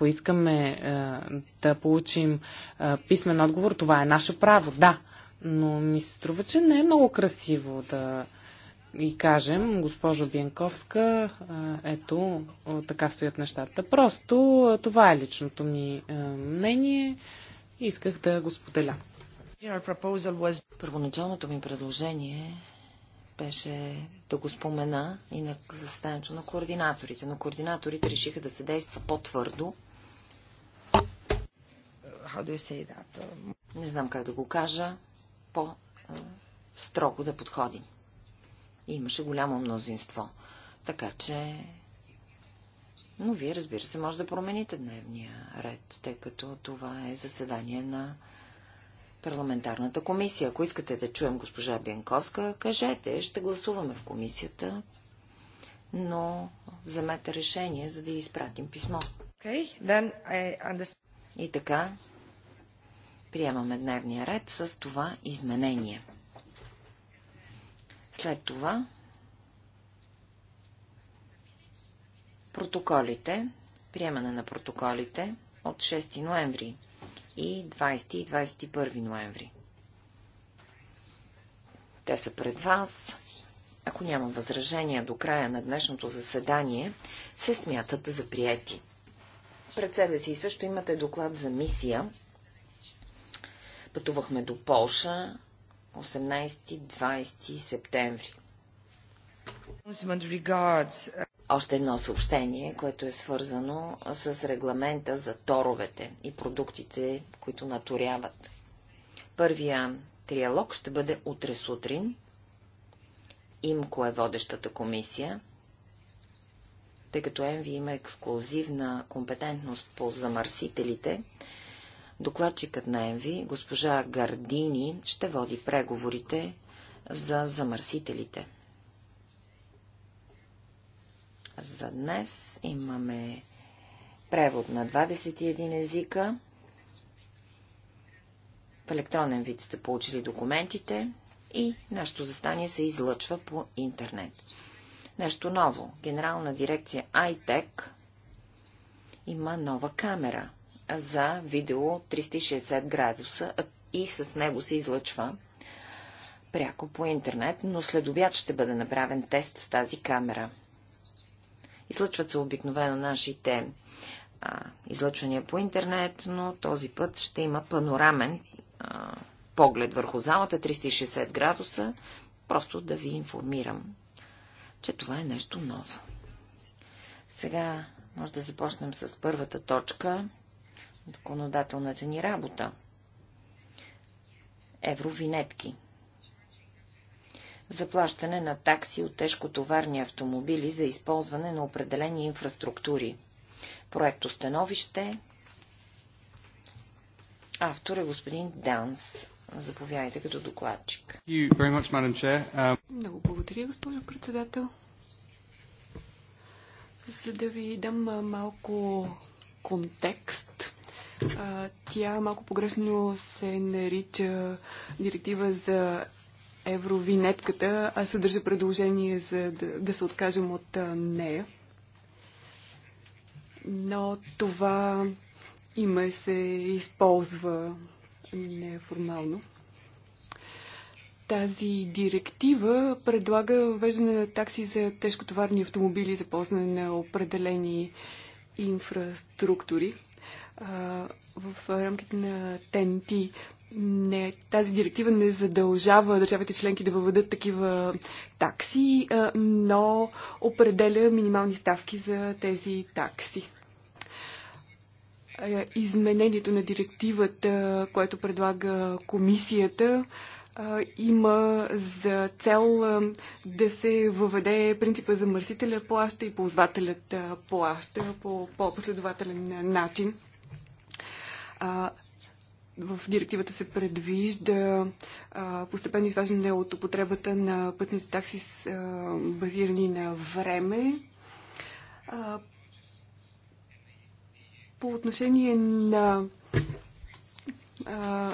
Ако искаме е, да получим е, писмен отговор, това е наше право, да. Но ми се струва, че не е много красиво да и кажем, госпожо Бянковска, е, ето, така стоят нещата. Просто това е личното ми мнение. Исках да го споделя. Първоначалното ми предложение беше да го спомена и на заседанието на координаторите. Но координаторите решиха да се действа по-твърдо how do you say that? Не знам как да го кажа. По-строго да подходи. И имаше голямо мнозинство. Така че... Но вие, разбира се, може да промените дневния ред, тъй като това е заседание на парламентарната комисия. Ако искате да чуем госпожа Бенковска, кажете, ще гласуваме в комисията, но вземете решение, за да изпратим писмо. Okay, then I understand. И така, Приемаме дневния ред с това изменение. След това протоколите, приемане на протоколите от 6 ноември и 20 и 21 ноември. Те са пред вас. Ако няма възражения до края на днешното заседание, се смятат за приети. Пред себе си също имате доклад за мисия Пътувахме до Полша 18-20 септември. Още едно съобщение, което е свързано с регламента за торовете и продуктите, които наторяват. Първия триалог ще бъде утре сутрин. Имко е водещата комисия, тъй като ЕМВИ има ексклюзивна компетентност по замърсителите, Докладчикът на ЕМВИ. госпожа Гардини, ще води преговорите за замърсителите. За днес имаме превод на 21 езика. В електронен вид сте получили документите и нашето застание се излъчва по интернет. Нещо ново. Генерална дирекция iTech има нова камера – за видео 360 градуса и с него се излъчва пряко по интернет, но след обяд ще бъде направен тест с тази камера. Излъчват се обикновено нашите а, излъчвания по интернет, но този път ще има панорамен а, поглед върху залата 360 градуса, просто да ви информирам, че това е нещо ново. Сега може да започнем с първата точка законодателната ни работа. Евровинетки. Заплащане на такси от тежкотоварни автомобили за използване на определени инфраструктури. проект установище Автор е господин Данс. Заповядайте като докладчик. Um, Много благодаря, госпожо председател. За да ви дам малко контекст, а, тя малко погрешно се нарича директива за евровинетката, а съдържа предложение за да, да се откажем от а, нея. Но това име се използва неформално. Тази директива предлага въвеждане на такси за тежкотоварни автомобили за ползване на определени инфраструктури в рамките на ТНТ. Не, тази директива не задължава държавите членки да въведат такива такси, но определя минимални ставки за тези такси. Изменението на директивата, което предлага комисията, има за цел да се въведе принципа за мърсителя плаща и ползвателят плаща по по-последователен начин а, в директивата се предвижда а, постепенно изваждане от употребата на пътните такси с, а, базирани на време. А, по отношение на а,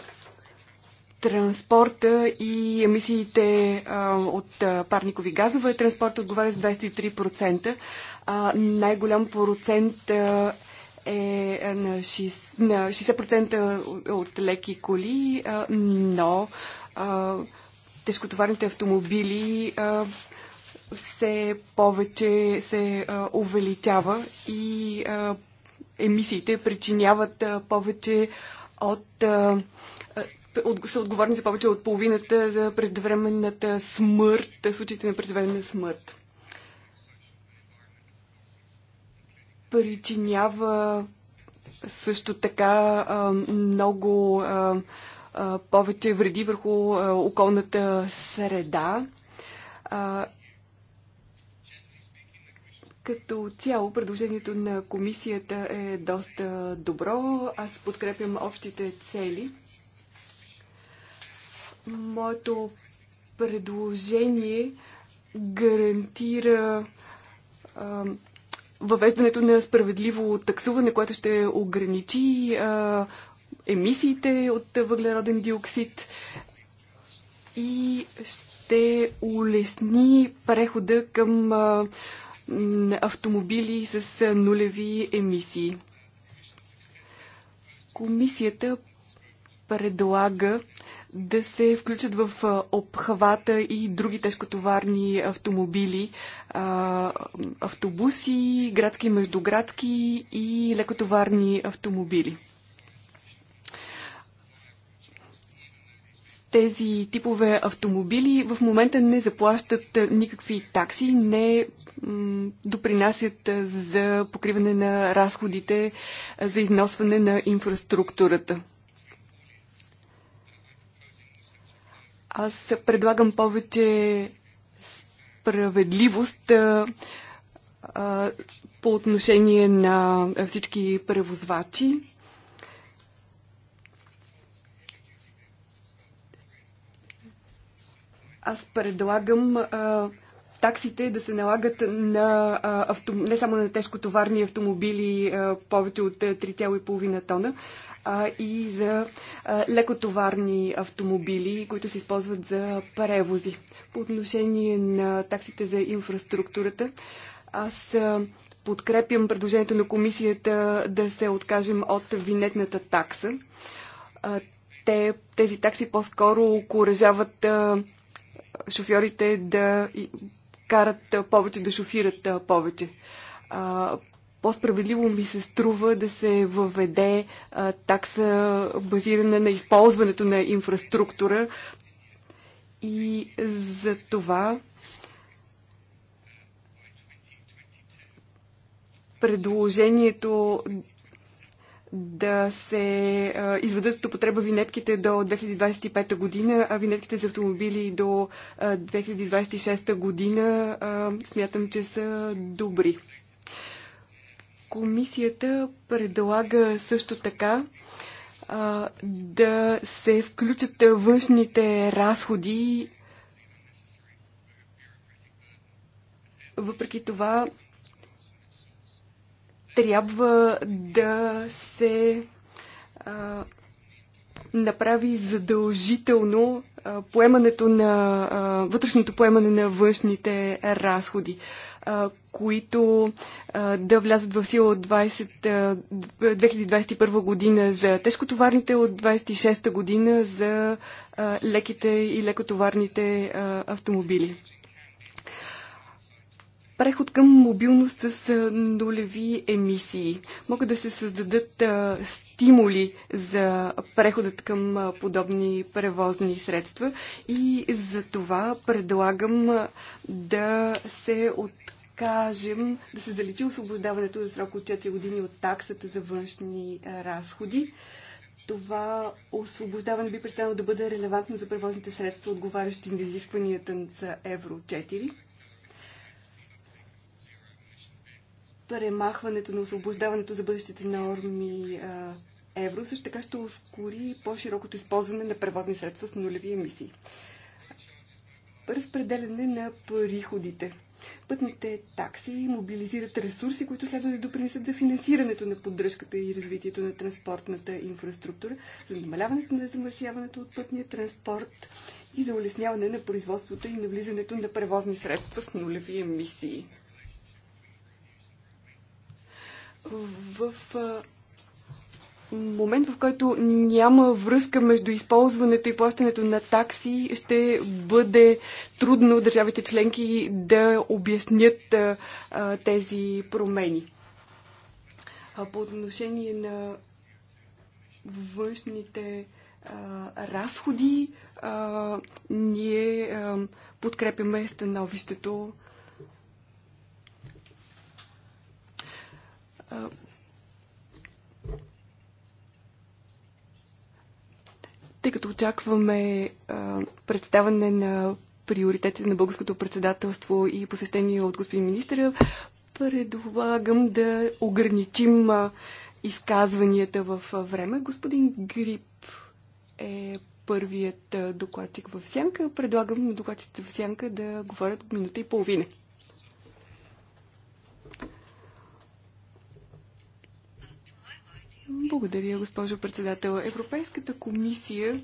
транспорта и емисиите а, от а, парникови газове. Транспорт отговаря за 23%. най-голям процент а, е, е на 60%, на 60% от леки коли, но тежкотоварните автомобили все повече се увеличава и емисиите причиняват повече от са отговорни за повече от половината за преждевременната смърт, случаите на преждевременна смърт. причинява също така много повече вреди върху околната среда. като цяло предложението на комисията е доста добро. Аз подкрепям общите цели. Моето предложение гарантира въвеждането на справедливо таксуване, което ще ограничи а, емисиите от въглероден диоксид и ще улесни прехода към а, автомобили с нулеви емисии. Комисията предлага да се включат в обхвата и други тежкотоварни автомобили, автобуси, градски, междуградски и лекотоварни автомобили. Тези типове автомобили в момента не заплащат никакви такси, не допринасят за покриване на разходите за износване на инфраструктурата. Аз предлагам повече справедливост а, а, по отношение на всички превозвачи. Аз предлагам а, таксите да се налагат на, а, авто, не само на тежкотоварни автомобили а, повече от 3,5 тона, а и за а, лекотоварни автомобили, които се използват за превози. По отношение на таксите за инфраструктурата, аз а, подкрепям предложението на комисията да се откажем от винетната такса. А, те, тези такси по-скоро окоръжават шофьорите да карат повече, да шофират повече. По-справедливо ми се струва да се въведе а, такса базирана на използването на инфраструктура и за това предложението да се а, изведат от употреба винетките до 2025 година, а винетките за автомобили до а, 2026 година а, смятам, че са добри. Комисията предлага също така а, да се включат външните разходи. Въпреки това, трябва да се а, направи задължително а, поемането на а, вътрешното поемане на външните разходи които да влязат в сила от 20, 2021 година за тежкотоварните, от 26 година за леките и лекотоварните автомобили. Преход към мобилност с нулеви емисии. Могат да се създадат стимули за преходът към подобни превозни средства и за това предлагам да се от кажем, да се заличи освобождаването за срок от 4 години от таксата за външни разходи. Това освобождаване би престанало да бъде релевантно за превозните средства, отговарящи на изискванията за Евро 4. Премахването на освобождаването за бъдещите норми евро също така ще ускори по-широкото използване на превозни средства с нулеви емисии. Разпределяне на приходите. Пътните такси мобилизират ресурси, които следва да допринесат за финансирането на поддръжката и развитието на транспортната инфраструктура, за намаляването на замърсяването от пътния транспорт и за улесняване на производството и навлизането на превозни средства с нулеви емисии. В момент, в който няма връзка между използването и плащането на такси, ще бъде трудно държавите членки да обяснят а, тези промени. А по отношение на външните а, разходи, а, ние а, подкрепяме становището. Тъй като очакваме а, представане на приоритетите на българското председателство и посещение от господин министра, предлагам да ограничим а, изказванията в а, време. Господин Грип е първият докладчик в сянка. Предлагам докладчите в сянка да говорят минута и половина. Благодаря, госпожо председател. Европейската комисия,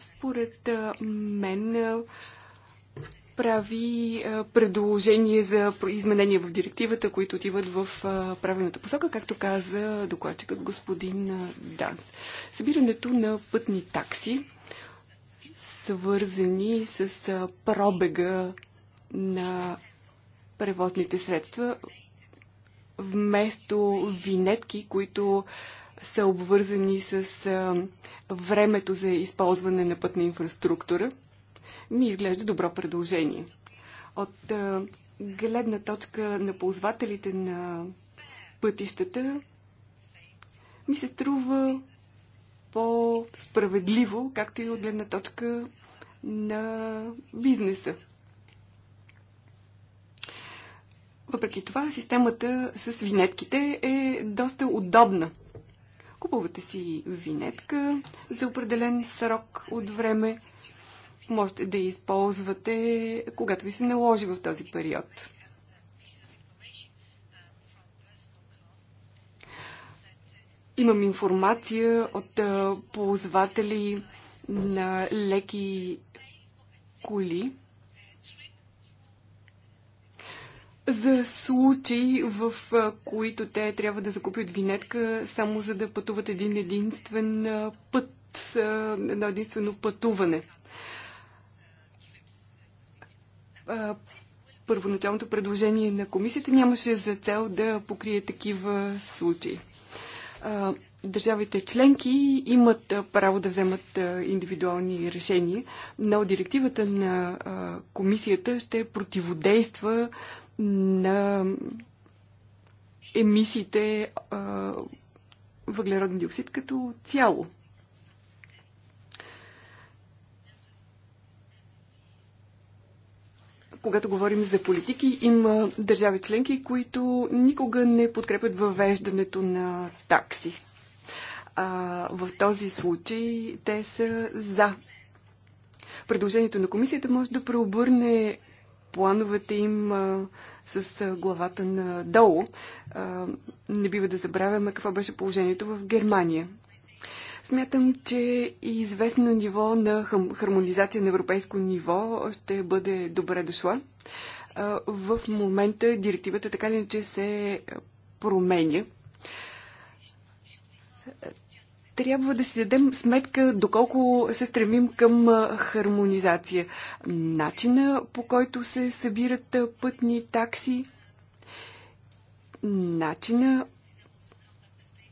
според мен, прави предложение за изменения в директивата, които отиват в правилната посока, както каза докладчикът господин Данс. Събирането на пътни такси, свързани с пробега на превозните средства, вместо винетки, които са обвързани с времето за използване на пътна инфраструктура, ми изглежда добро предложение. От гледна точка на ползвателите на пътищата, ми се струва по-справедливо, както и от гледна точка на бизнеса. Въпреки това, системата с винетките е доста удобна Купувате си винетка за определен срок от време. Можете да използвате, когато ви се наложи в този период. Имам информация от ползватели на леки коли, за случаи, в които те трябва да закупят винетка само за да пътуват един единствен път, едно единствено пътуване. Първоначалното предложение на комисията нямаше за цел да покрие такива случаи. Държавите членки имат право да вземат индивидуални решения, но директивата на комисията ще противодейства на емисиите а, въглероден диоксид като цяло. Когато говорим за политики, има държави членки, които никога не подкрепят въвеждането на такси. А, в този случай те са за. Предложението на комисията може да преобърне плановете им с главата надолу. Не бива да забравяме какво беше положението в Германия. Смятам, че известно ниво на хармонизация на европейско ниво ще бъде добре дошла. В момента директивата така ли, че се променя трябва да си дадем сметка доколко се стремим към хармонизация. Начина по който се събират пътни такси, начина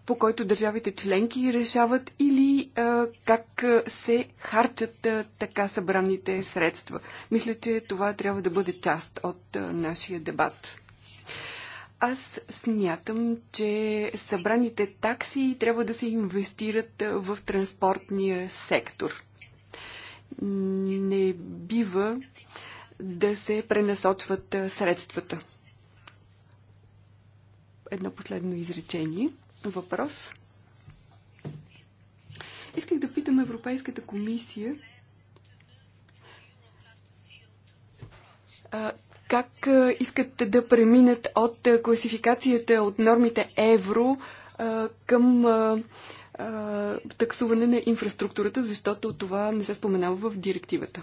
по който държавите членки решават или а, как се харчат а, така събраните средства. Мисля, че това трябва да бъде част от а, нашия дебат. Аз смятам, че събраните такси трябва да се инвестират в транспортния сектор. Не бива да се пренасочват средствата. Едно последно изречение. Въпрос. Исках да питам Европейската комисия как искат да преминат от класификацията от нормите евро към таксуване на инфраструктурата, защото това не се споменава в директивата.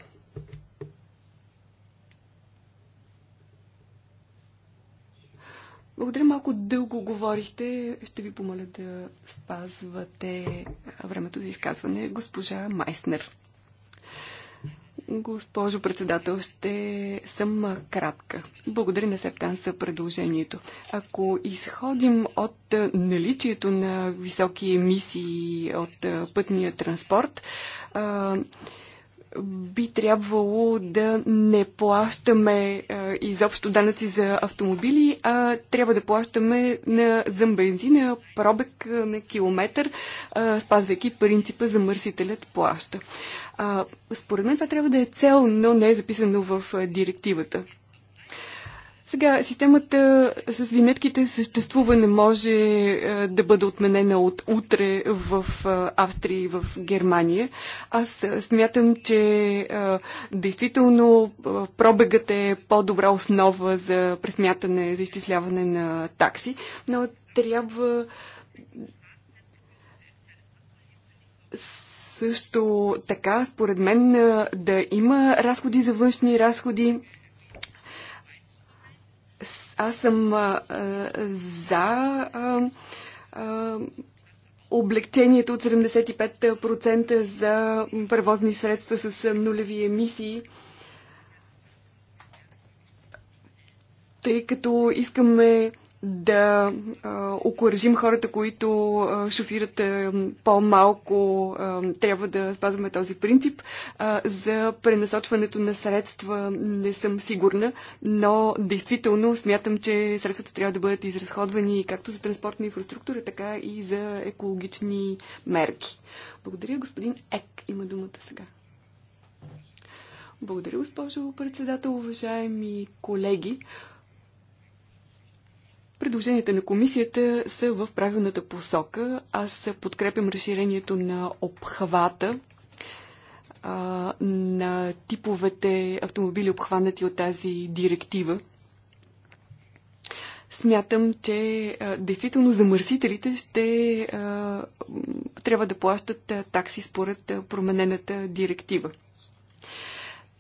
Благодаря, малко дълго говорихте. Ще ви помоля да спазвате времето за изказване. Госпожа Майснер. Госпожо председател, ще съм кратка. Благодаря на Септан за предложението. Ако изходим от наличието на високи емисии от пътния транспорт, би трябвало да не плащаме а, изобщо данъци за автомобили, а трябва да плащаме на, за бензина пробег на километър, а, спазвайки принципа за мърсителят, плаща. А, според мен това трябва да е цел, но не е записано в директивата. Сега, системата е, с винетките съществува, не може а, е, да бъде отменена от утре в а, е, Австрия и в Германия. Аз а, смятам, че а, действително а, пробегът е по-добра основа за пресмятане, за изчисляване на такси, но трябва също така, според мен, да има разходи за външни разходи, аз съм а, а, за а, а, облегчението от 75% за превозни средства с нулеви емисии. тъй като искаме да окоръжим хората, които а, шофират по-малко, трябва да спазваме този принцип. А, за пренасочването на средства не съм сигурна, но действително смятам, че средствата трябва да бъдат изразходвани както за транспортна инфраструктура, така и за екологични мерки. Благодаря, господин Ек. Има думата сега. Благодаря, госпожо председател, уважаеми колеги. Предложенията на комисията са в правилната посока. Аз подкрепям разширението на обхвата а, на типовете автомобили, обхванати от тази директива. Смятам, че а, действително замърсителите ще а, трябва да плащат а, такси според а, променената директива.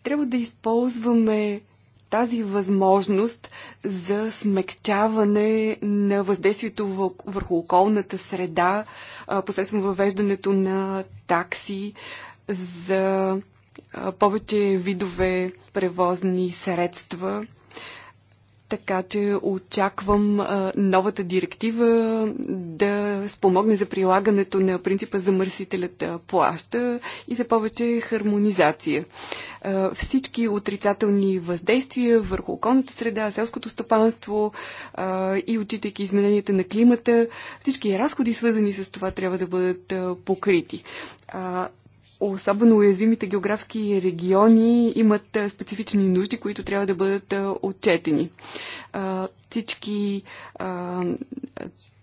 Трябва да използваме тази възможност за смекчаване на въздействието върху околната среда посредством въвеждането на такси за повече видове превозни средства така че очаквам а, новата директива да спомогне за прилагането на принципа замърсителят плаща и за повече хармонизация. А, всички отрицателни въздействия върху околната среда, селското стопанство а, и отчитайки измененията на климата, всички разходи свързани с това трябва да бъдат а, покрити. А, особено уязвимите географски региони имат специфични нужди, които трябва да бъдат отчетени. Всички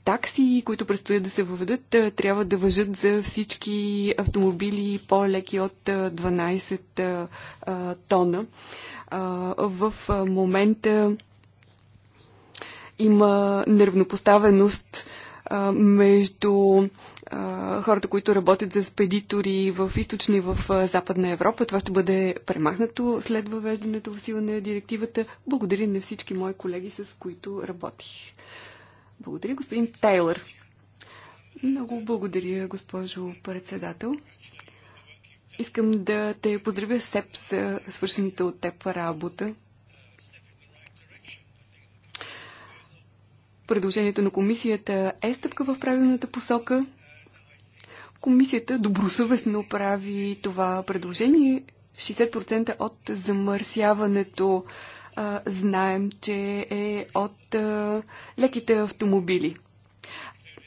такси, които предстоят да се въведат, трябва да въжат за всички автомобили по-леки от 12 тона. В момента има неравнопоставеност между хората, които работят за спедитори в източни и в Западна Европа. Това ще бъде премахнато след въвеждането в сила на директивата. Благодаря на всички мои колеги, с които работих. Благодаря, господин Тейлър. Много благодаря, госпожо председател. Искам да те поздравя с теб за свършената от теб работа. Предложението на комисията е стъпка в правилната посока. Комисията добросъвестно прави това предложение. 60% от замърсяването а, знаем, че е от а, леките автомобили.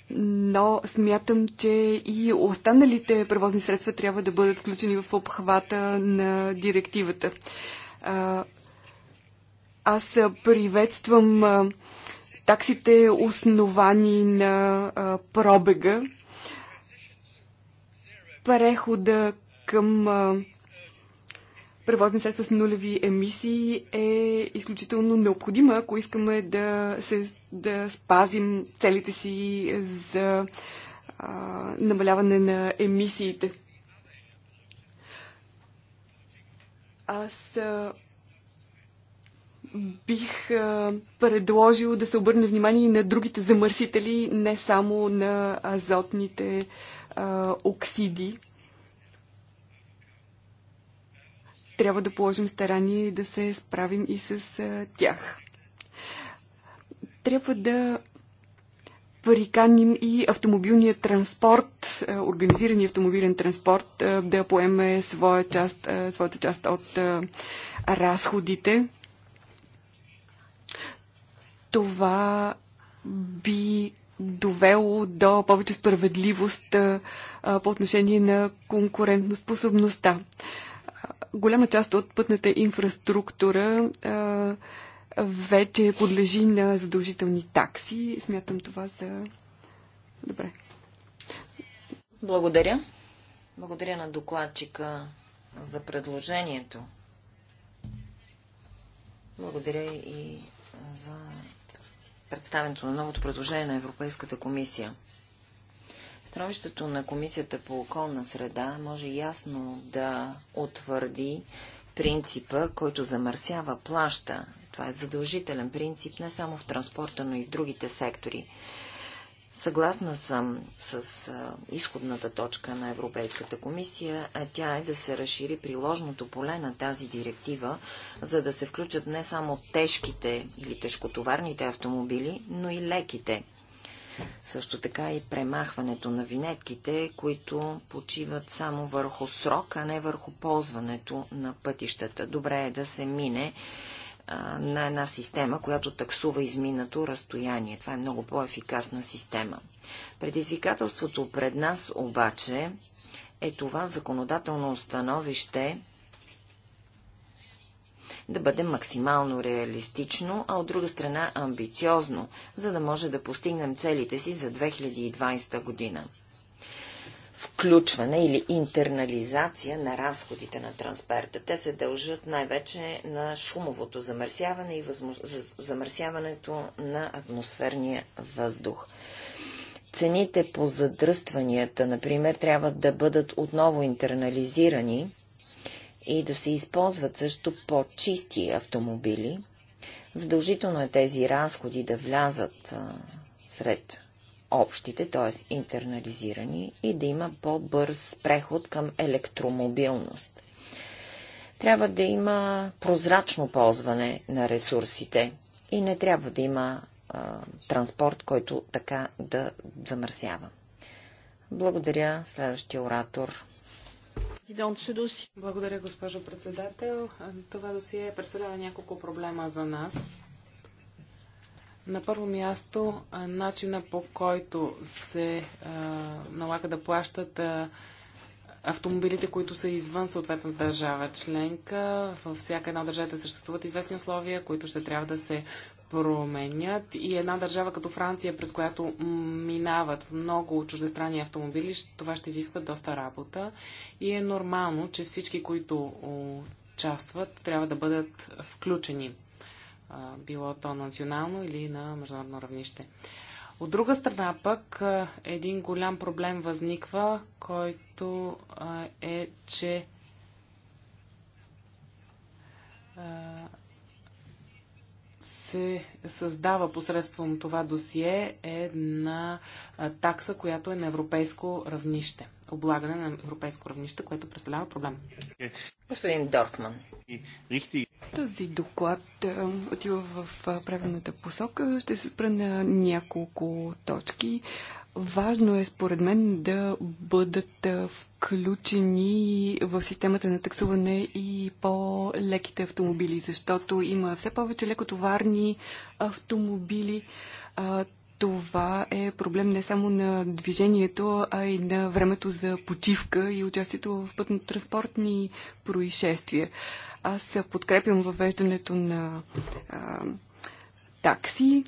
Но смятам, че и останалите превозни средства трябва да бъдат включени в обхвата на директивата. А, аз приветствам а, таксите основани на а, пробега, прехода към превозни средства с нулеви емисии е изключително необходима, ако искаме да, се, да спазим целите си за а, намаляване на емисиите. Аз а, бих а, предложил да се обърне внимание и на другите замърсители, не само на азотните а, оксиди. Трябва да положим старание да се справим и с а, тях. Трябва да приканим и автомобилния транспорт, организирани автомобилен транспорт да поеме своя част, своята част от разходите. Това би довело до повече справедливост по отношение на конкурентоспособността. Голяма част от пътната инфраструктура вече подлежи на задължителни такси. Смятам това за добре. Благодаря. Благодаря на докладчика за предложението. Благодаря и за представенето на новото предложение на Европейската комисия. Становището на Комисията по околна среда може ясно да утвърди принципа, който замърсява плаща. Това е задължителен принцип не само в транспорта, но и в другите сектори. Съгласна съм с изходната точка на Европейската комисия, а тя е да се разшири приложното поле на тази директива, за да се включат не само тежките или тежкотоварните автомобили, но и леките. Също така и премахването на винетките, които почиват само върху срок, а не върху ползването на пътищата. Добре е да се мине а, на една система, която таксува изминато разстояние. Това е много по-ефикасна система. Предизвикателството пред нас обаче е това законодателно установище да бъде максимално реалистично, а от друга страна амбициозно, за да може да постигнем целите си за 2020 година включване или интернализация на разходите на трансперта. Те се дължат най-вече на шумовото замърсяване и възмож... замърсяването на атмосферния въздух. Цените по задръстванията, например, трябва да бъдат отново интернализирани и да се използват също по-чисти автомобили. Задължително е тези разходи да влязат сред общите, т.е. интернализирани, и да има по-бърз преход към електромобилност. Трябва да има прозрачно ползване на ресурсите и не трябва да има а, транспорт, който така да замърсява. Благодаря. Следващия оратор. Благодаря, госпожо председател. Това досие представлява няколко проблема за нас на първо място, начина по който се а, налага да плащат а, автомобилите, които са извън съответната държава членка. Във всяка една от държавите съществуват известни условия, които ще трябва да се променят. И една държава като Франция, през която минават много чуждестранни автомобили, това ще изисква доста работа. И е нормално, че всички, които участват, трябва да бъдат включени било то национално или на международно равнище. От друга страна пък един голям проблем възниква, който е, че се създава посредством това досие една такса, която е на европейско равнище облагане на европейско равнище, което представлява проблем. Господин Дорфман. Този доклад е, отива в е, правилната посока. Ще се спра на няколко точки. Важно е, според мен, да бъдат е, включени в системата на таксуване и по-леките автомобили, защото има все повече лекотоварни автомобили. Това е проблем не само на движението, а и на времето за почивка и участието в пътно-транспортни происшествия. Аз подкрепям въвеждането на а, такси.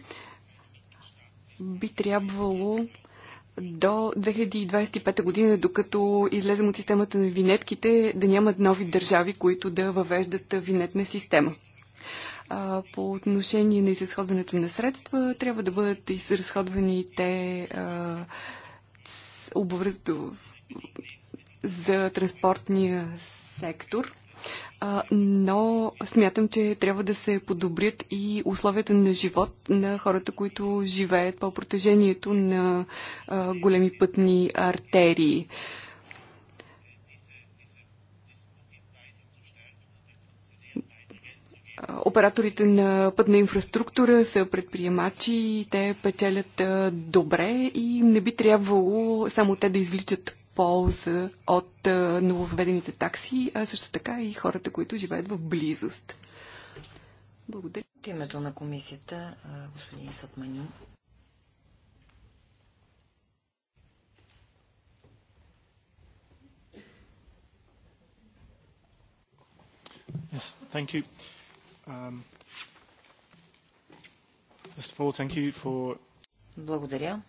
Би трябвало до 2025 година, докато излезем от системата на винетките, да нямат нови държави, които да въвеждат винетна система. А, по отношение на изразходването на средства, трябва да бъдат изразходвани те а, за транспортния сектор. но смятам, че трябва да се подобрят и условията на живот на хората, които живеят по протежението на големи пътни артерии. Операторите на пътна инфраструктура са предприемачи, те печелят добре и не би трябвало само те да извличат полза от нововведените такси, а също така и хората, които живеят в близост. Благодаря. От името на комисията, господин Сатманин. Yes, thank you. Um, first of all, thank you for... Благодаря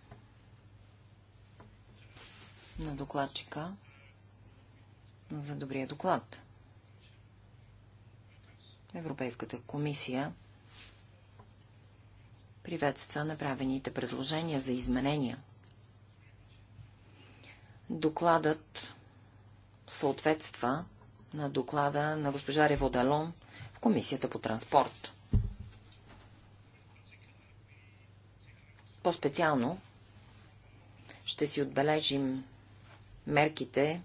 на докладчика за добрия доклад. Европейската комисия приветства направените предложения за изменения. Докладът съответства на доклада на госпожа Реводалон Комисията по транспорт. По-специално ще си отбележим мерките,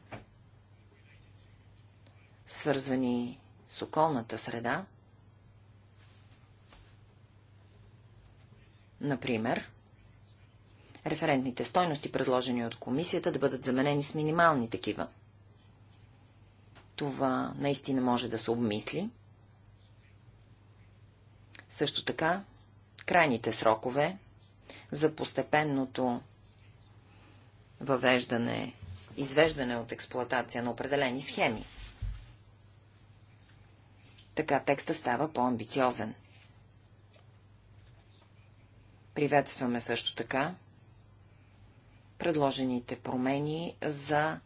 свързани с околната среда, например, референтните стойности, предложени от комисията, да бъдат заменени с минимални такива. Това наистина може да се обмисли. Също така, крайните срокове за постепенното въвеждане, извеждане от експлоатация на определени схеми. Така текста става по-амбициозен. Приветстваме също така предложените промени за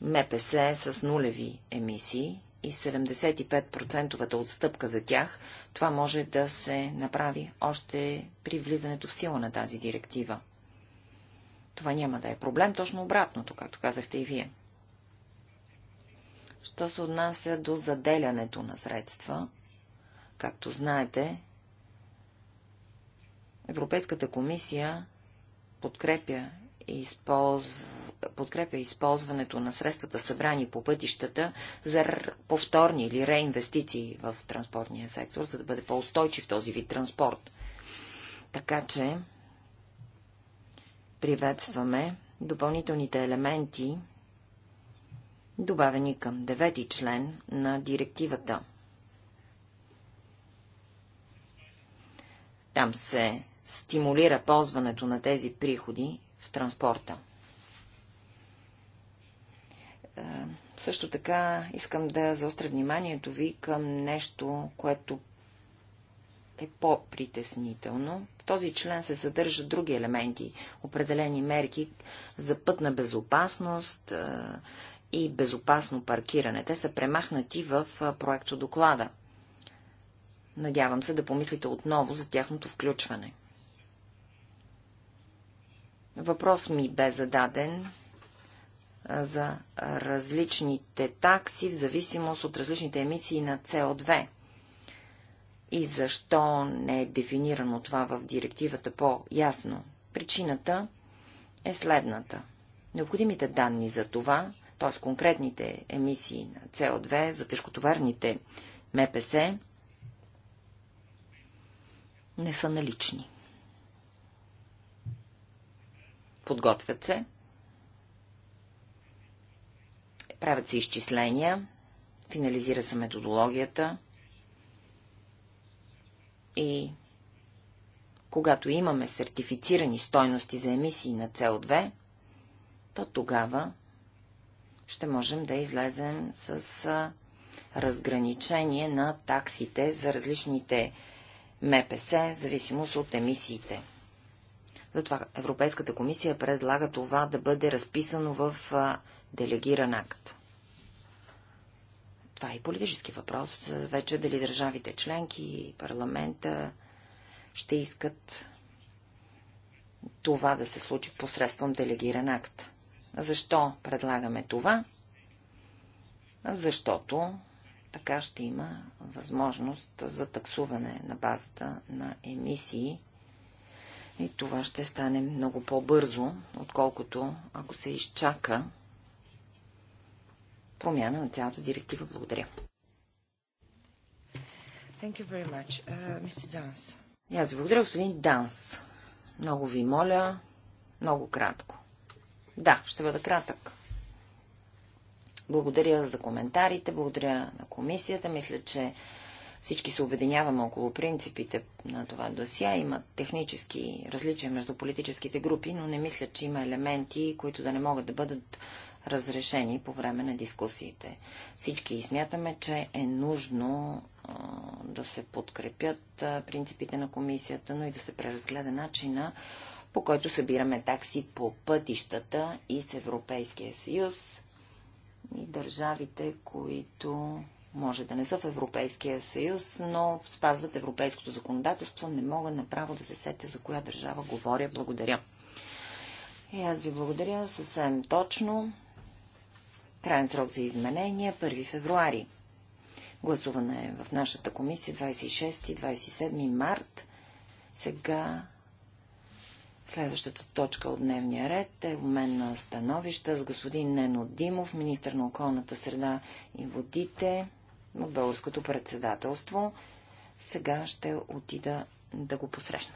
МПС с нулеви емисии и 75 отстъпка за тях, това може да се направи още при влизането в сила на тази директива. Това няма да е проблем, точно обратното, както казахте и вие. Що се отнася до заделянето на средства, както знаете, Европейската комисия подкрепя и използва подкрепя използването на средствата събрани по пътищата за повторни или реинвестиции в транспортния сектор, за да бъде по-устойчив този вид транспорт. Така че приветстваме допълнителните елементи, добавени към девети член на директивата. Там се стимулира ползването на тези приходи в транспорта. Също така искам да заостря вниманието ви към нещо, което е по-притеснително. В този член се съдържат други елементи, определени мерки за пътна безопасност и безопасно паркиране. Те са премахнати в проекто доклада. Надявам се да помислите отново за тяхното включване. Въпрос ми бе зададен за различните такси в зависимост от различните емисии на СО2. И защо не е дефинирано това в директивата по-ясно? Причината е следната. Необходимите данни за това, т.е. конкретните емисии на СО2 за тежкотоварните МПС, не са налични. Подготвят се Правят се изчисления, финализира се методологията и когато имаме сертифицирани стойности за емисии на CO2, то тогава ще можем да излезем с разграничение на таксите за различните МПС, в зависимост от емисиите. Затова Европейската комисия предлага това да бъде разписано в делегиран акт. Това е и политически въпрос. Вече дали държавите членки и парламента ще искат това да се случи посредством делегиран акт. Защо предлагаме това? Защото така ще има възможност за таксуване на базата на емисии и това ще стане много по-бързо, отколкото ако се изчака промяна на цялата директива. Благодаря. Thank you very much. Uh, Mr. И аз ви благодаря, господин Данс. Много ви моля, много кратко. Да, ще бъда кратък. Благодаря за коментарите, благодаря на комисията. Мисля, че всички се обединяваме около принципите на това досия. Има технически различия между политическите групи, но не мисля, че има елементи, които да не могат да бъдат разрешени по време на дискусиите. Всички смятаме, че е нужно а, да се подкрепят а, принципите на комисията, но и да се преразгледа начина, по който събираме такси по пътищата и с Европейския съюз и държавите, които може да не са в Европейския съюз, но спазват европейското законодателство. Не мога направо да се сете за коя държава говоря. Благодаря. И аз ви благодаря съвсем точно. Крайен срок за изменения 1 февруари. Гласуване е в нашата комисия 26 и 27 март. Сега Следващата точка от дневния ред е обмен на становища с господин Нено Димов, министр на околната среда и водите от българското председателство. Сега ще отида да го посрещна.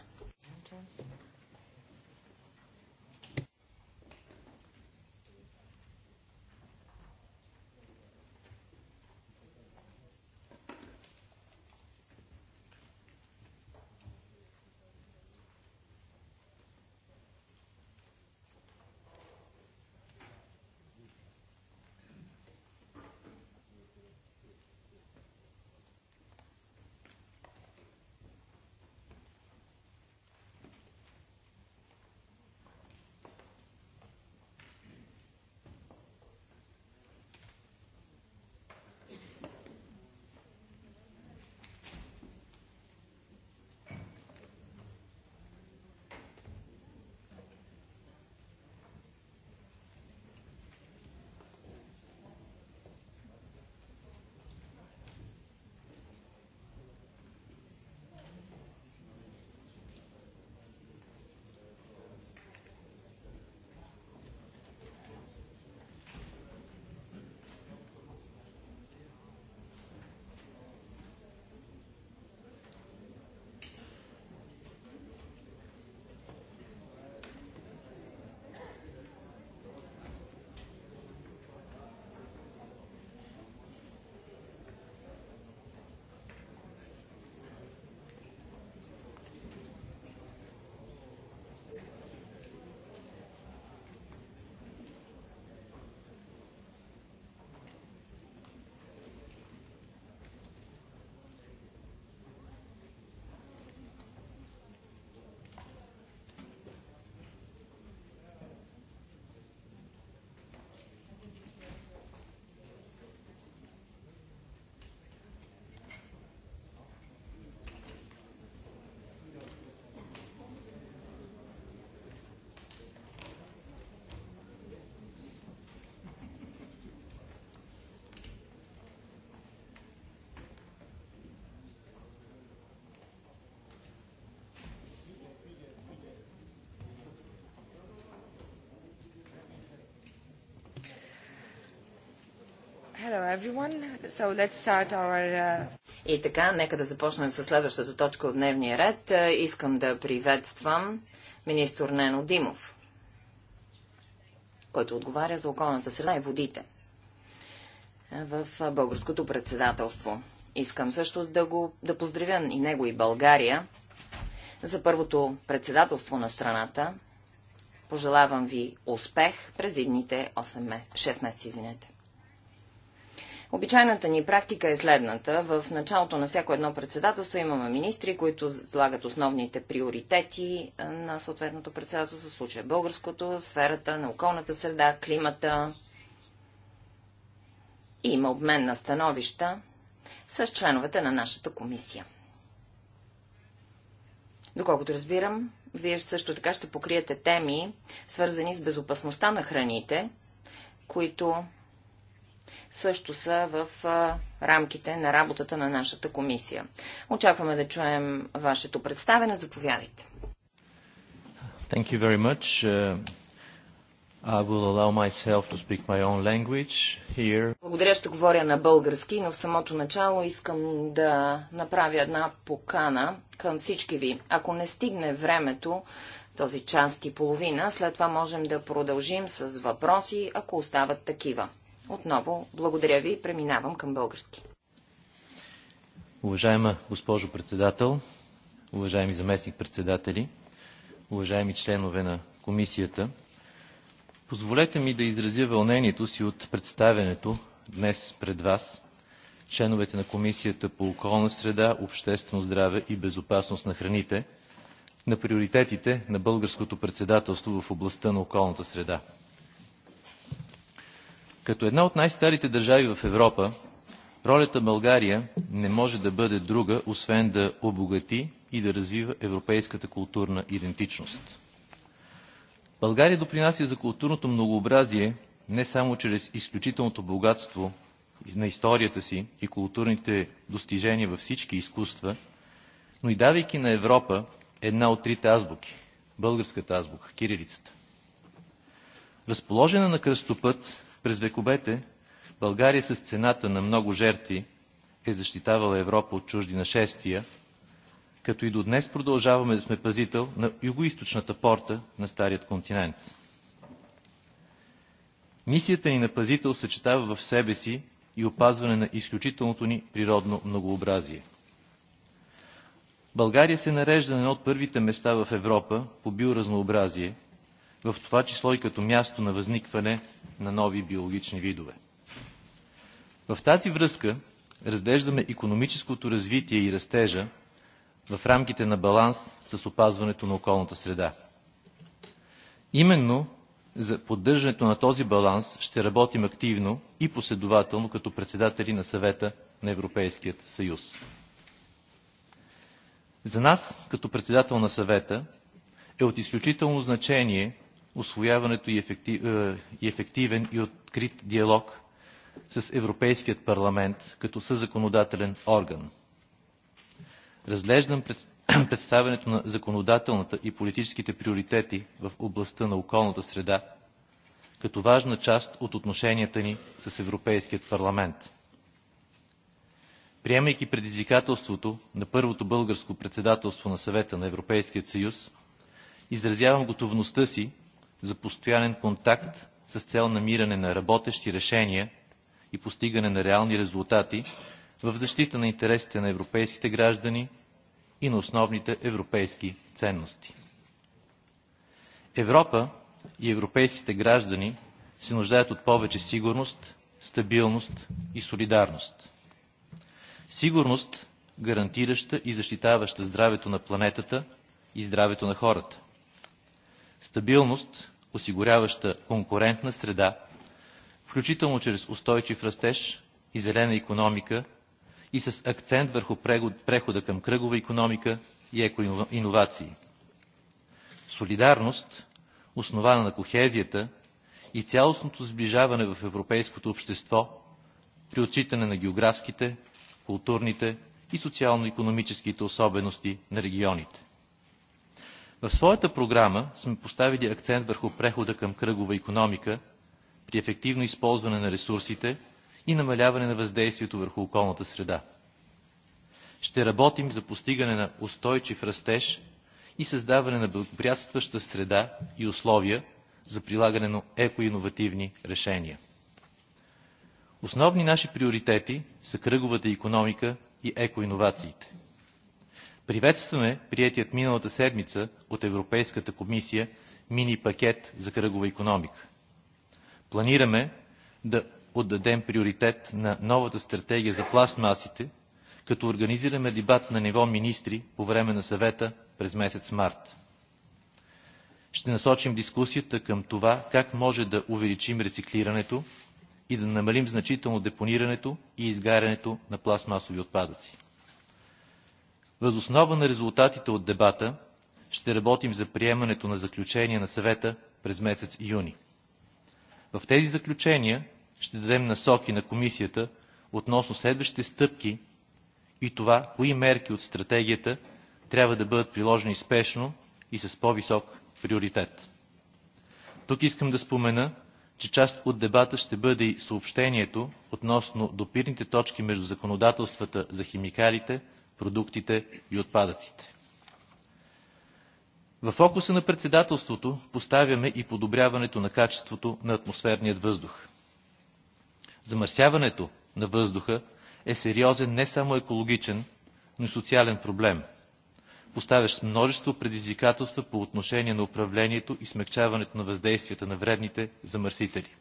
So our... Uh, и така, нека да започнем с следващата точка от дневния ред. Е, искам да приветствам министр Нено Димов, който отговаря за околната среда и водите е, в е, българското председателство. Искам също да, го, да поздравя и него и България за първото председателство на страната. Пожелавам ви успех през едните 8 6 месеца. Извинете. Обичайната ни практика е следната. В началото на всяко едно председателство имаме министри, които слагат основните приоритети на съответното председателство, в случая българското, сферата на околната среда, климата. И има обмен на становища с членовете на нашата комисия. Доколкото разбирам, вие също така ще покриете теми, свързани с безопасността на храните, които също са в рамките на работата на нашата комисия. Очакваме да чуем вашето представене. Заповядайте. Thank you very much. Uh, I will allow myself to speak my own language here. Благодаря, ще говоря на български, но в самото начало искам да направя една покана към всички ви. Ако не стигне времето, този част и половина. След това можем да продължим с въпроси, ако остават такива. Отново благодаря ви и преминавам към български. Уважаема госпожо председател, уважаеми заместник-председатели, уважаеми членове на комисията, позволете ми да изразя вълнението си от представенето днес пред вас, членовете на Комисията по околна среда, обществено здраве и безопасност на храните, на приоритетите на българското председателство в областта на околната среда – като една от най-старите държави в Европа, ролята България не може да бъде друга, освен да обогати и да развива европейската културна идентичност. България допринася за културното многообразие не само чрез изключителното богатство на историята си и културните достижения във всички изкуства, но и давайки на Европа една от трите азбуки – българската азбука, кирилицата. Разположена на кръстопът през вековете България с цената на много жертви е защитавала Европа от чужди нашествия, като и до днес продължаваме да сме пазител на югоисточната порта на Старият континент. Мисията ни на пазител съчетава в себе си и опазване на изключителното ни природно многообразие. България се нарежда на едно от първите места в Европа по биоразнообразие, в това число и като място на възникване на нови биологични видове. В тази връзка разглеждаме економическото развитие и растежа в рамките на баланс с опазването на околната среда. Именно за поддържането на този баланс ще работим активно и последователно като председатели на съвета на Европейският съюз. За нас, като председател на съвета, е от изключително значение освояването и, ефектив, е, и ефективен и открит диалог с Европейският парламент като съзаконодателен орган. Разглеждам пред, представянето на законодателната и политическите приоритети в областта на околната среда като важна част от отношенията ни с Европейският парламент. Приемайки предизвикателството на първото българско председателство на съвета на Европейския съюз, изразявам готовността си за постоянен контакт с цел намиране на работещи решения и постигане на реални резултати в защита на интересите на европейските граждани и на основните европейски ценности. Европа и европейските граждани се нуждаят от повече сигурност, стабилност и солидарност. Сигурност, гарантираща и защитаваща здравето на планетата и здравето на хората. Стабилност, осигуряваща конкурентна среда, включително чрез устойчив растеж и зелена економика и с акцент върху прехода към кръгова економика и екоинновации. Солидарност, основана на кохезията и цялостното сближаване в европейското общество при отчитане на географските, културните и социално-економическите особености на регионите. В своята програма сме поставили акцент върху прехода към кръгова економика при ефективно използване на ресурсите и намаляване на въздействието върху околната среда. Ще работим за постигане на устойчив растеж и създаване на благоприятстваща среда и условия за прилагане на екоинновативни решения. Основни наши приоритети са кръговата економика и екоинновациите – Приветстваме приятият миналата седмица от Европейската комисия мини пакет за кръгова економика. Планираме да отдадем приоритет на новата стратегия за пластмасите, като организираме дебат на ниво министри по време на съвета през месец март. Ще насочим дискусията към това как може да увеличим рециклирането и да намалим значително депонирането и изгарянето на пластмасови отпадъци. Въз основа на резултатите от дебата ще работим за приемането на заключения на съвета през месец юни. В тези заключения ще дадем насоки на комисията относно следващите стъпки и това, кои мерки от стратегията трябва да бъдат приложени спешно и с по-висок приоритет. Тук искам да спомена, че част от дебата ще бъде и съобщението относно допирните точки между законодателствата за химикалите – продуктите и отпадъците. В фокуса на председателството поставяме и подобряването на качеството на атмосферният въздух. Замърсяването на въздуха е сериозен не само екологичен, но и социален проблем, поставящ множество предизвикателства по отношение на управлението и смягчаването на въздействията на вредните замърсители.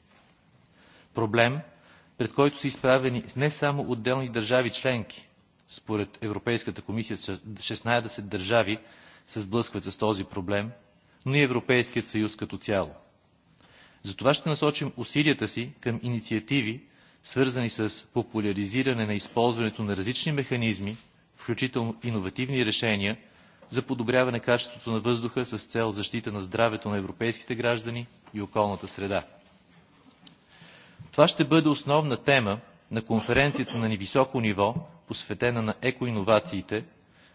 Проблем, пред който са изправени не само отделни държави членки, според Европейската комисия 16 държави се сблъскват с този проблем, но и Европейският съюз като цяло. Затова ще насочим усилията си към инициативи, свързани с популяризиране на използването на различни механизми, включително иновативни решения, за подобряване качеството на въздуха с цел защита на здравето на европейските граждани и околната среда. Това ще бъде основна тема на конференцията на високо ниво, посветена на екоиновациите,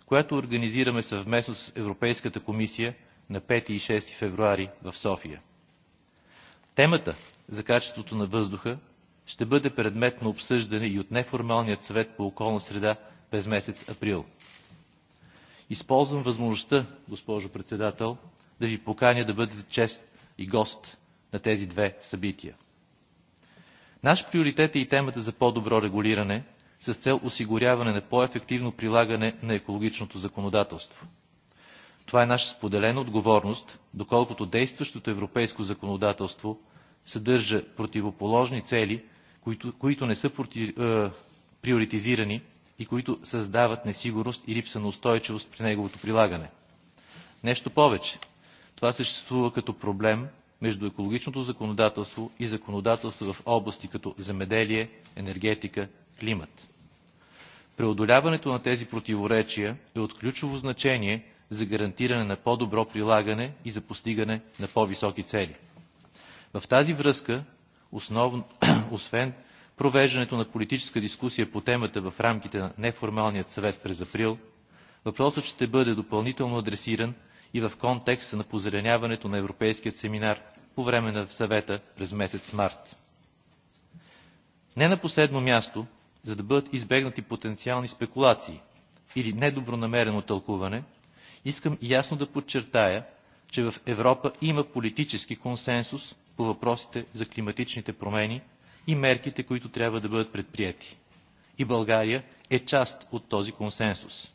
която организираме съвместно с Европейската комисия на 5 и 6 февруари в София. Темата за качеството на въздуха ще бъде предмет на обсъждане и от неформалният съвет по околна среда през месец април. Използвам възможността, госпожо председател, да ви поканя да бъдете чест и гост на тези две събития. Наш приоритет е и темата за по-добро регулиране с цел осигуряване на по-ефективно прилагане на екологичното законодателство. Това е наша споделена отговорност, доколкото действащото европейско законодателство съдържа противоположни цели, които, които не са против, е, приоритизирани и които създават несигурност и липса на устойчивост при неговото прилагане. Нещо повече. Това съществува като проблем между екологичното законодателство и законодателство в области като земеделие, енергетика, климат. Преодоляването на тези противоречия е от ключово значение за гарантиране на по-добро прилагане и за постигане на по-високи цели. В тази връзка, основ... освен провеждането на политическа дискусия по темата в рамките на неформалният съвет през април, въпросът ще бъде допълнително адресиран и в контекста на позеленяването на Европейският семинар по време на съвета през месец март. Не на последно място, за да бъдат избегнати потенциални спекулации или недобронамерено тълкуване, искам ясно да подчертая, че в Европа има политически консенсус по въпросите за климатичните промени и мерките, които трябва да бъдат предприяти. И България е част от този консенсус.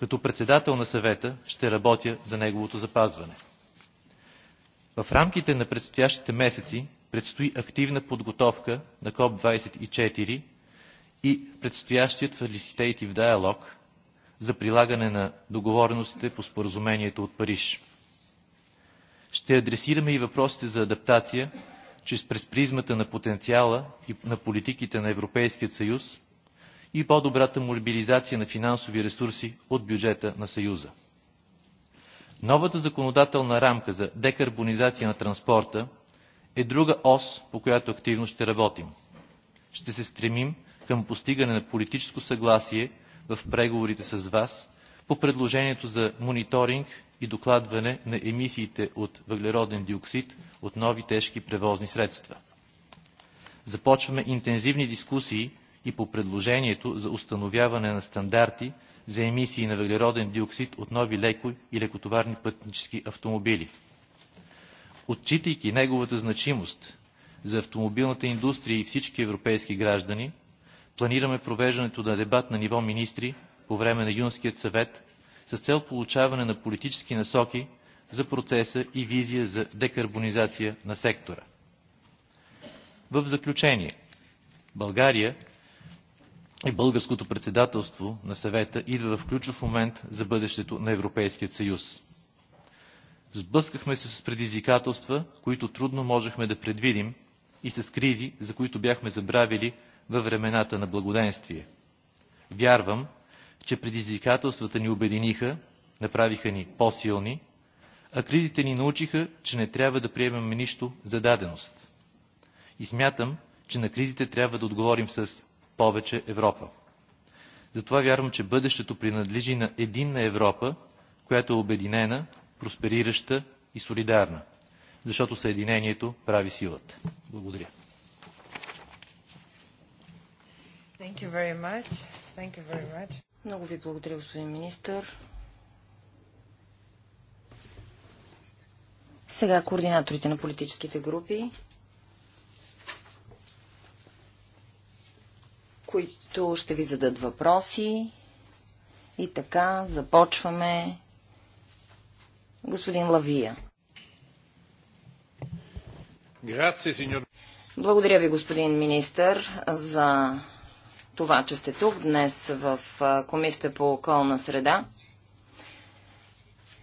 Като председател на съвета ще работя за неговото запазване. В рамките на предстоящите месеци предстои активна подготовка на КОП-24 и предстоящият Facilitative диалог за прилагане на договореностите по споразумението от Париж. Ще адресираме и въпросите за адаптация чрез през призмата на потенциала и на политиките на Европейския съюз и по-добрата мобилизация на финансови ресурси от бюджета на Съюза. Новата законодателна рамка за декарбонизация на транспорта е друга ос, по която активно ще работим. Ще се стремим към постигане на политическо съгласие в преговорите с вас по предложението за мониторинг и докладване на емисиите от въглероден диоксид от нови тежки превозни средства. Започваме интензивни дискусии и по предложението за установяване на стандарти за емисии на въглероден диоксид от нови леко и лекотоварни пътнически автомобили. Отчитайки неговата значимост за автомобилната индустрия и всички европейски граждани, планираме провеждането на дебат на ниво министри по време на Юнският съвет с цел получаване на политически насоки за процеса и визия за декарбонизация на сектора. В заключение, България и българското председателство на съвета идва в ключов момент за бъдещето на Европейския съюз. Сблъскахме се с предизвикателства, които трудно можехме да предвидим и с кризи, за които бяхме забравили във времената на благоденствие. Вярвам, че предизвикателствата ни обединиха, направиха ни по-силни, а кризите ни научиха, че не трябва да приемаме нищо за даденост. И смятам, че на кризите трябва да отговорим с повече Европа. Затова вярвам, че бъдещето принадлежи на единна Европа, която е обединена, просперираща и солидарна. Защото съединението прави силата. Благодаря. Thank you very much. Thank you very much. Много ви благодаря, господин министър. Сега координаторите на политическите групи. които ще ви зададат въпроси. И така започваме. Господин Лавия. Благодаря ви, господин министър, за това, че сте тук днес в Комисията по околна среда,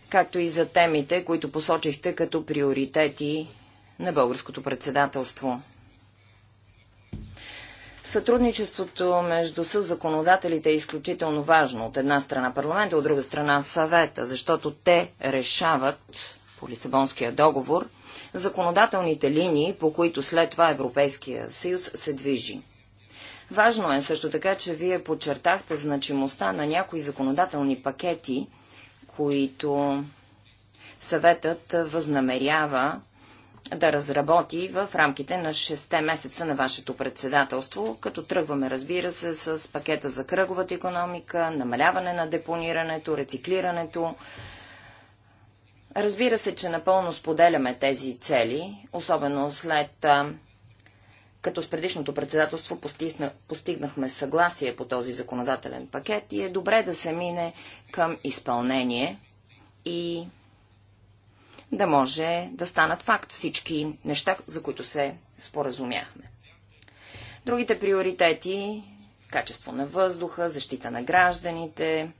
както и за темите, които посочихте като приоритети на българското председателство. Сътрудничеството между законодателите е изключително важно. От една страна парламента, от друга страна съвета, защото те решават по Лисабонския договор законодателните линии, по които след това Европейския съюз се движи. Важно е също така, че вие подчертахте значимостта на някои законодателни пакети, които съветът възнамерява да разработи в рамките на 6 месеца на вашето председателство, като тръгваме, разбира се, с пакета за кръговата економика, намаляване на депонирането, рециклирането. Разбира се, че напълно споделяме тези цели, особено след като с предишното председателство постигнахме съгласие по този законодателен пакет и е добре да се мине към изпълнение и да може да станат факт всички неща, за които се споразумяхме. Другите приоритети качество на въздуха, защита на гражданите,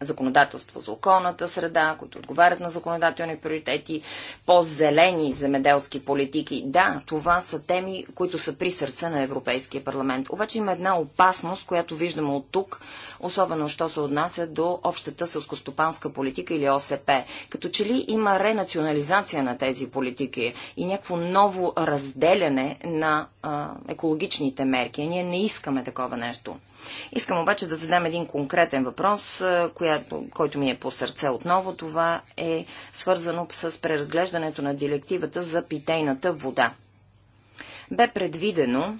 законодателство за околната среда, които отговарят на законодателни приоритети, по-зелени земеделски политики. Да, това са теми, които са при сърце на Европейския парламент. Обаче има една опасност, която виждаме от тук, особено що се отнася до общата сълскостопанска политика или ОСП. Като че ли има ренационализация на тези политики и някакво ново разделяне на а, екологичните мерки. Ние не искаме такова нещо. Искам обаче да задам един конкретен въпрос, която, който ми е по сърце отново. Това е свързано с преразглеждането на директивата за питейната вода. Бе предвидено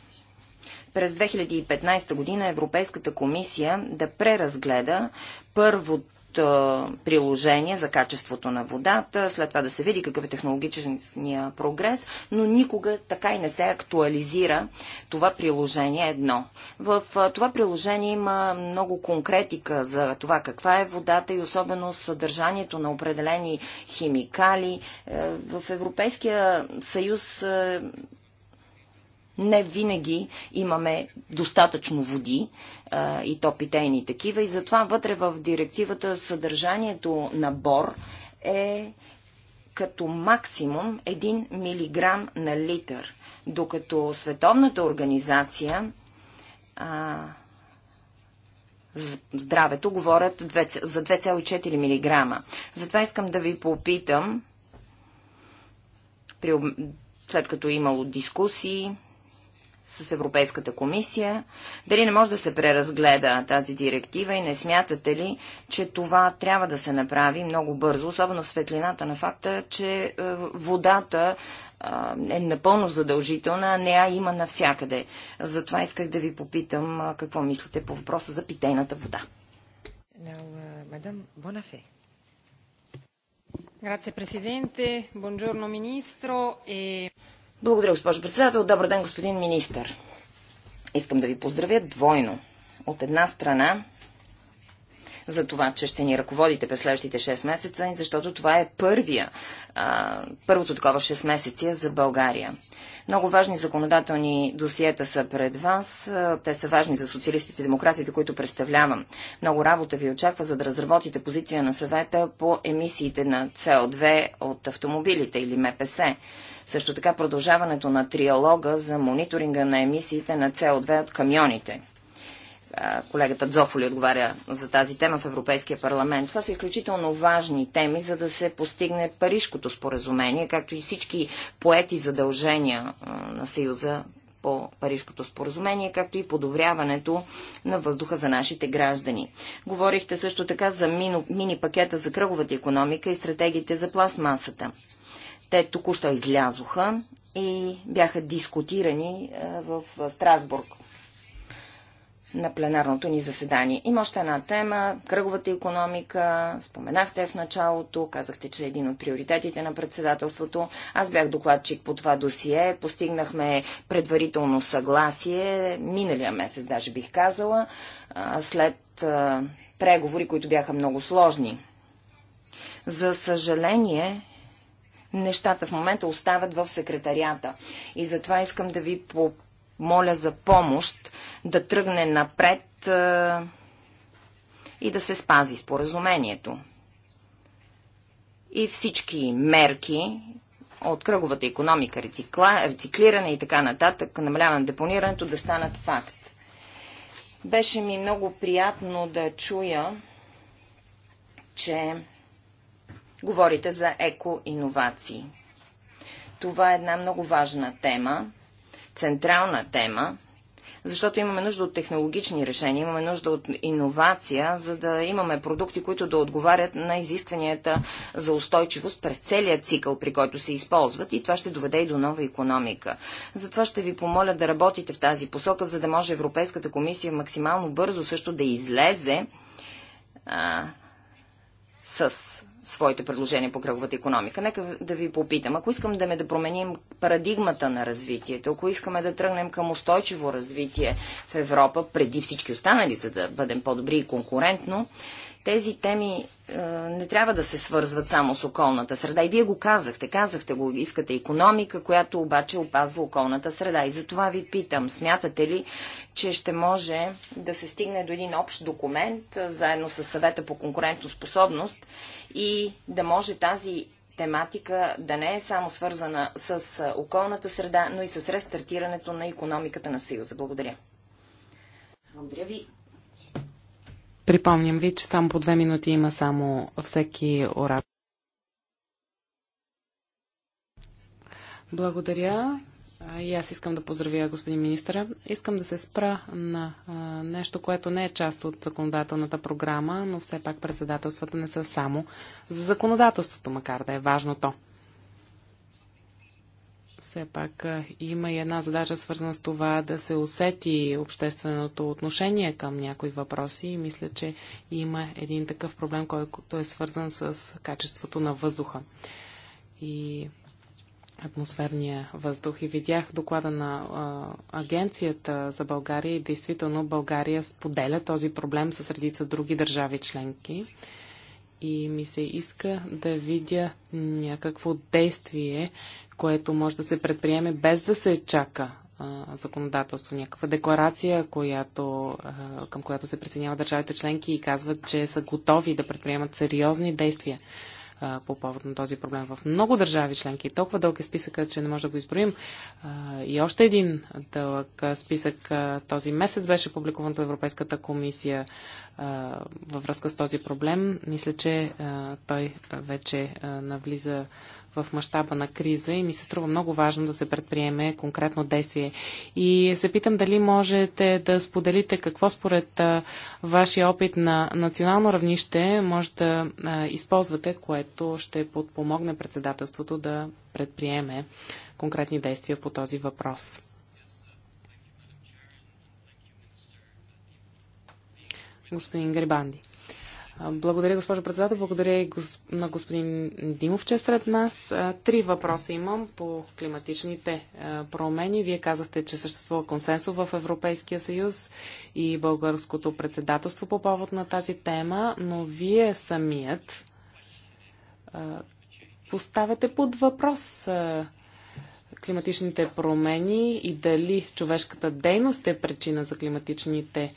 през 2015 година Европейската комисия да преразгледа първото е, приложение за качеството на водата, след това да се види какъв е технологичният прогрес, но никога така и не се актуализира това приложение едно. В е, това приложение има много конкретика за това каква е водата и особено съдържанието на определени химикали. Е, в Европейския съюз не винаги имаме достатъчно води а, и то питейни такива. И затова вътре в директивата съдържанието на бор е като максимум 1 милиграм на литър, докато Световната организация а, здравето говорят за 2,4 милиграма. Затова искам да ви попитам, при, след като е имало дискусии, с Европейската комисия. Дали не може да се преразгледа тази директива и не смятате ли, че това трябва да се направи много бързо, особено в светлината на факта, че е, водата е напълно задължителна, а не я има навсякъде. Затова исках да ви попитам какво мислите по въпроса за питейната вода. Мадам Бонафе. Uh, Grazie Presidente, buongiorno Ministro e... Благодаря, госпожо председател. Добър ден, господин министър. Искам да ви поздравя двойно. От една страна, за това, че ще ни ръководите през следващите 6 месеца и защото това е първия, а, първото такова 6 месеция за България. Много важни законодателни досиета са пред вас. Те са важни за социалистите и демократите, които представлявам. Много работа ви очаква, за да разработите позиция на съвета по емисиите на CO2 от автомобилите или МПС. Също така продължаването на триалога за мониторинга на емисиите на CO2 от камионите колегата Дзофоли отговаря за тази тема в Европейския парламент. Това са изключително важни теми, за да се постигне Парижкото споразумение, както и всички поети задължения на Съюза по Парижкото споразумение, както и подобряването на въздуха за нашите граждани. Говорихте също така за мини пакета за кръговата економика и стратегиите за пластмасата. Те току-що излязоха и бяха дискутирани в Страсбург на пленарното ни заседание. Има още една тема – кръговата економика. Споменахте в началото, казахте, че е един от приоритетите на председателството. Аз бях докладчик по това досие. Постигнахме предварително съгласие, миналия месец даже бих казала, след преговори, които бяха много сложни. За съжаление, нещата в момента остават в секретарията. И затова искам да ви попитам моля за помощ да тръгне напред и да се спази споразумението. И всички мерки от кръговата економика, рецикла, рециклиране и така нататък, намаляване на депонирането да станат факт. Беше ми много приятно да чуя, че говорите за еко еко-инновации. Това е една много важна тема централна тема, защото имаме нужда от технологични решения, имаме нужда от иновация, за да имаме продукти, които да отговарят на изискванията за устойчивост през целия цикъл, при който се използват и това ще доведе и до нова економика. Затова ще ви помоля да работите в тази посока, за да може Европейската комисия максимално бързо също да излезе а, с своите предложения по кръговата економика. Нека да ви попитам, ако искам да, ме да променим парадигмата на развитието, ако искаме да тръгнем към устойчиво развитие в Европа, преди всички останали, за да бъдем по-добри и конкурентно, тези теми е, не трябва да се свързват само с околната среда. И вие го казахте, казахте го, искате економика, която обаче опазва околната среда. И за това ви питам, смятате ли, че ще може да се стигне до един общ документ, е, заедно с съвета по конкурентоспособност и да може тази тематика да не е само свързана с е, околната среда, но и с рестартирането на економиката на Съюза. Благодаря. Благодаря ви. Припомням ви, че само по две минути има само всеки оратор. Благодаря. И аз искам да поздравя господин министра. Искам да се спра на а, нещо, което не е част от законодателната програма, но все пак председателствата не са само за законодателството, макар да е важно то все пак има и една задача свързана с това да се усети общественото отношение към някои въпроси и мисля, че има един такъв проблем, който е свързан с качеството на въздуха и атмосферния въздух. И видях доклада на а, Агенцията за България и действително България споделя този проблем с редица други държави членки и ми се иска да видя някакво действие, което може да се предприеме без да се чака а, законодателство, някаква декларация, която, а, към която се присъединяват държавите членки и казват, че са готови да предприемат сериозни действия а, по повод на този проблем. В много държави членки толкова дълъг е списъка, че не може да го изброим. И още един дълъг списък този месец беше публикуван от Европейската комисия във връзка с този проблем. Мисля, че той вече навлиза в мащаба на криза и ми се струва много важно да се предприеме конкретно действие. И се питам дали можете да споделите какво според вашия опит на национално равнище може да използвате, което ще подпомогне председателството да предприеме конкретни действия по този въпрос. Господин Грибанди. Благодаря, госпожо председател. Благодаря и на господин Димов, че е сред нас. Три въпроса имам по климатичните промени. Вие казахте, че съществува консенсус в Европейския съюз и българското председателство по повод на тази тема, но вие самият поставяте под въпрос климатичните промени и дали човешката дейност е причина за климатичните промени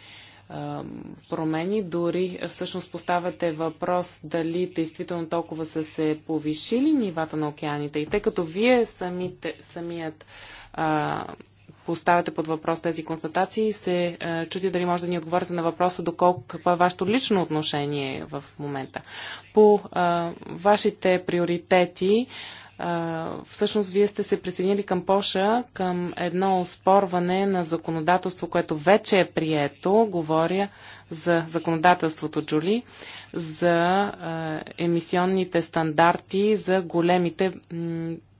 промени. Дори е, всъщност поставяте въпрос дали действително толкова са се повишили нивата на океаните. И тъй като вие самите, самият а, поставяте под въпрос тези констатации, се а, чути дали може да ни отговорите на въпроса доколко какво е вашето лично отношение в момента. По а, вашите приоритети, всъщност вие сте се присъединили към Поша, към едно оспорване на законодателство, което вече е прието, говоря за законодателството Джули, за емисионните стандарти за големите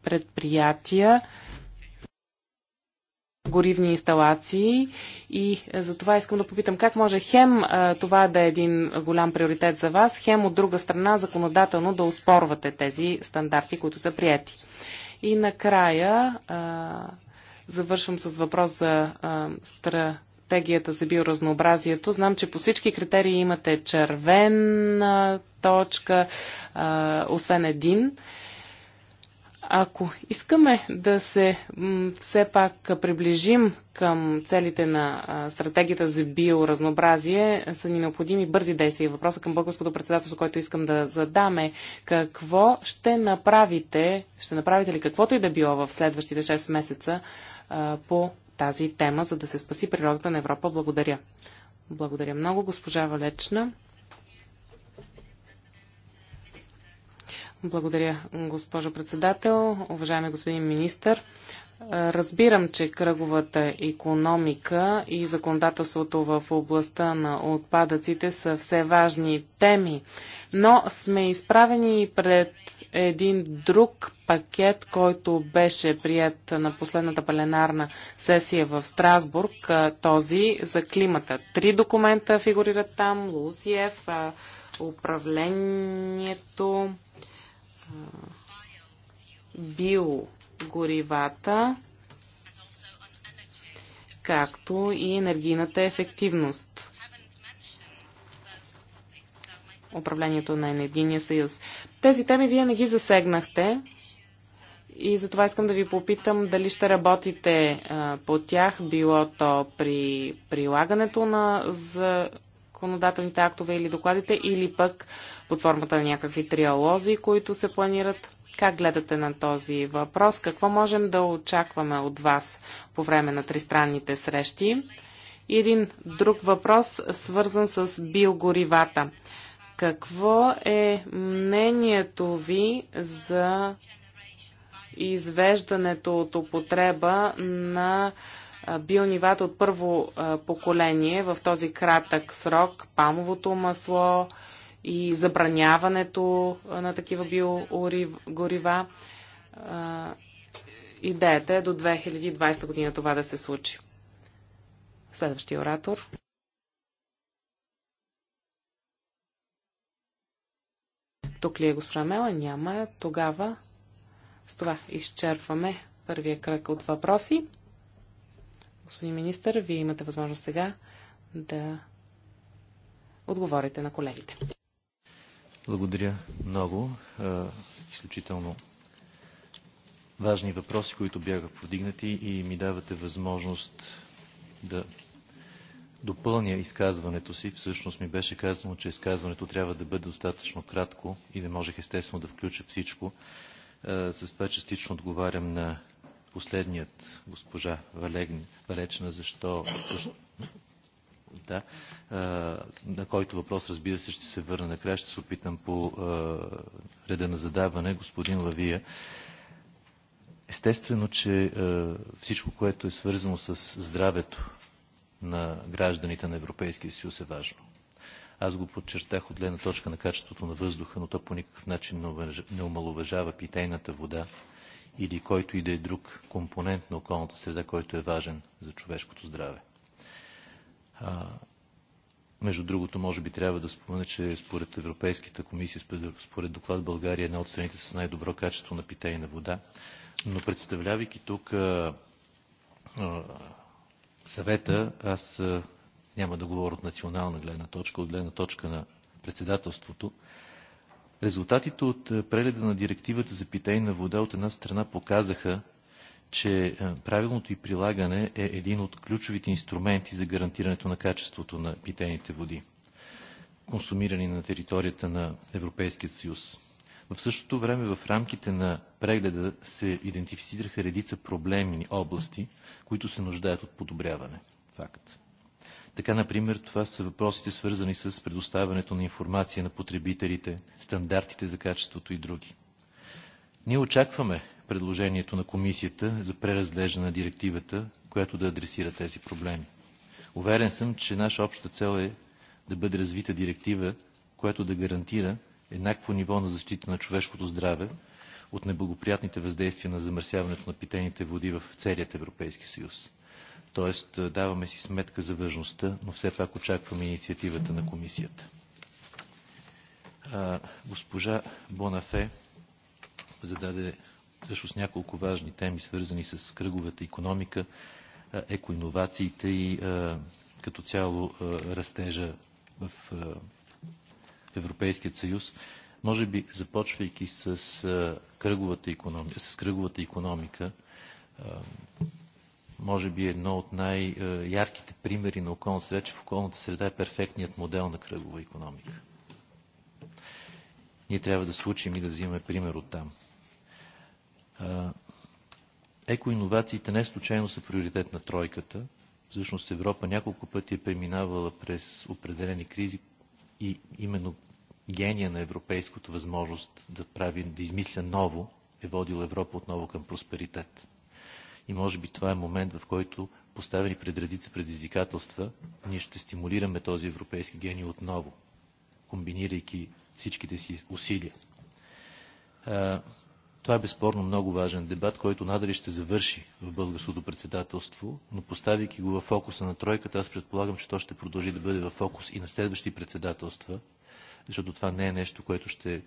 предприятия горивни инсталации и е, за това искам да попитам как може хем е, това да е един голям приоритет за вас, хем от друга страна законодателно да успорвате тези стандарти, които са прияти. И накрая е, завършвам с въпрос за стра стратегията за биоразнообразието. Знам, че по всички критерии имате червена точка, а, освен един. Ако искаме да се все пак приближим към целите на стратегията за биоразнообразие, са ни необходими бързи действия. Въпроса към българското председателство, който искам да задаме, какво ще направите, ще направите ли каквото и да било в следващите 6 месеца по тази тема, за да се спаси природата на Европа. Благодаря. Благодаря много, госпожа Валечна. Благодаря, госпожо председател. Уважаеми господин министър, разбирам, че кръговата економика и законодателството в областта на отпадъците са все важни теми, но сме изправени пред един друг пакет, който беше прият на последната пленарна сесия в Страсбург, този за климата. Три документа фигурират там, Лусиев, управлението, биогоривата, както и енергийната ефективност. Управлението на енергийния съюз. Тези теми вие не ги засегнахте и затова искам да ви попитам дали ще работите по тях, било то при прилагането на за законодателните актове или докладите, или пък под формата на някакви триалози, които се планират. Как гледате на този въпрос? Какво можем да очакваме от вас по време на тристранните срещи? И един друг въпрос, свързан с биогоривата. Какво е мнението ви за извеждането от употреба на бионивата от първо поколение в този кратък срок, памовото масло и забраняването на такива биогорива. Идеята е до 2020 година това да се случи. Следващия оратор. Тук ли е госпожа Мела? Няма. Тогава с това изчерпваме първия кръг от въпроси. Господин министър, вие имате възможност сега да отговорите на колегите. Благодаря много. Е, изключително важни въпроси, които бяха повдигнати и ми давате възможност да допълня изказването си. Всъщност ми беше казано, че изказването трябва да бъде достатъчно кратко и не можех естествено да включа всичко. Е, с това частично отговарям на последният госпожа Валегн, Валечна, защо, защо да, на който въпрос, разбира се, ще се върна накрая. Ще се опитам по реда на задаване. Господин Лавия, естествено, че всичко, което е свързано с здравето на гражданите на Европейския съюз е важно. Аз го подчертах от гледна точка на качеството на въздуха, но то по никакъв начин не омалуважава питейната вода, или който и да е друг компонент на околната среда, който е важен за човешкото здраве. А, между другото, може би трябва да спомена, че според Европейската комисия, според доклад България е една от страните с най-добро качество на питейна вода, но представлявайки тук а, а, съвета, аз а, няма да говоря от национална гледна точка, от гледна точка на председателството, Резултатите от е, прегледа на директивата за питейна вода от една страна показаха, че е, правилното й прилагане е един от ключовите инструменти за гарантирането на качеството на питейните води, консумирани на територията на Европейския съюз. В същото време в рамките на прегледа се идентифицираха редица проблемни области, които се нуждаят от подобряване. Факт. Така, например, това са въпросите свързани с предоставянето на информация на потребителите, стандартите за качеството и други. Ние очакваме предложението на комисията за преразглеждане на директивата, която да адресира тези проблеми. Уверен съм, че наша обща цел е да бъде развита директива, която да гарантира еднакво ниво на защита на човешкото здраве от неблагоприятните въздействия на замърсяването на питейните води в целият Европейски съюз. Тоест даваме си сметка за важността, но все пак очакваме инициативата на комисията. Госпожа Бонафе зададе също с няколко важни теми, свързани с кръговата економика, екоинновациите и като цяло растежа в Европейският съюз. Може би, започвайки с кръговата економика, с кръговата економика може би едно от най-ярките примери на околната среда, че в околната среда е перфектният модел на кръгова економика. Ние трябва да случим и да взимаме пример от там. Екоинновациите не случайно са приоритет на тройката. Всъщност Европа няколко пъти е преминавала през определени кризи и именно гения на европейското възможност да прави, да измисля ново, е водил Европа отново към просперитет. И може би това е момент, в който поставени пред редица предизвикателства, ние ще стимулираме този европейски гений отново, комбинирайки всичките си усилия. Това е безспорно много важен дебат, който надали ще завърши в българското председателство, но поставяйки го в фокуса на тройката, аз предполагам, че то ще продължи да бъде в фокус и на следващи председателства, защото това не е нещо, което ще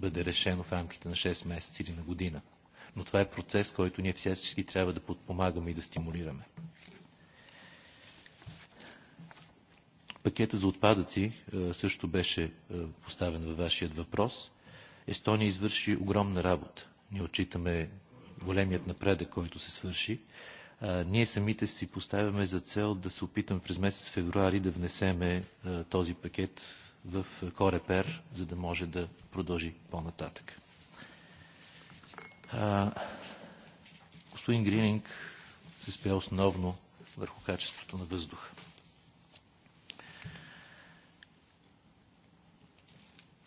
бъде решено в рамките на 6 месеца или на година. Но това е процес, който ние всячески трябва да подпомагаме и да стимулираме. Пакета за отпадъци е, също беше е, поставен във вашият въпрос. Естония извърши огромна работа. Ние отчитаме големият напредък, който се свърши. А, е, ние самите си поставяме за цел да се опитаме през месец февруари да внесеме този пакет в Корепер, за да може да продължи по-нататък господин Грининг се спя основно върху качеството на въздуха.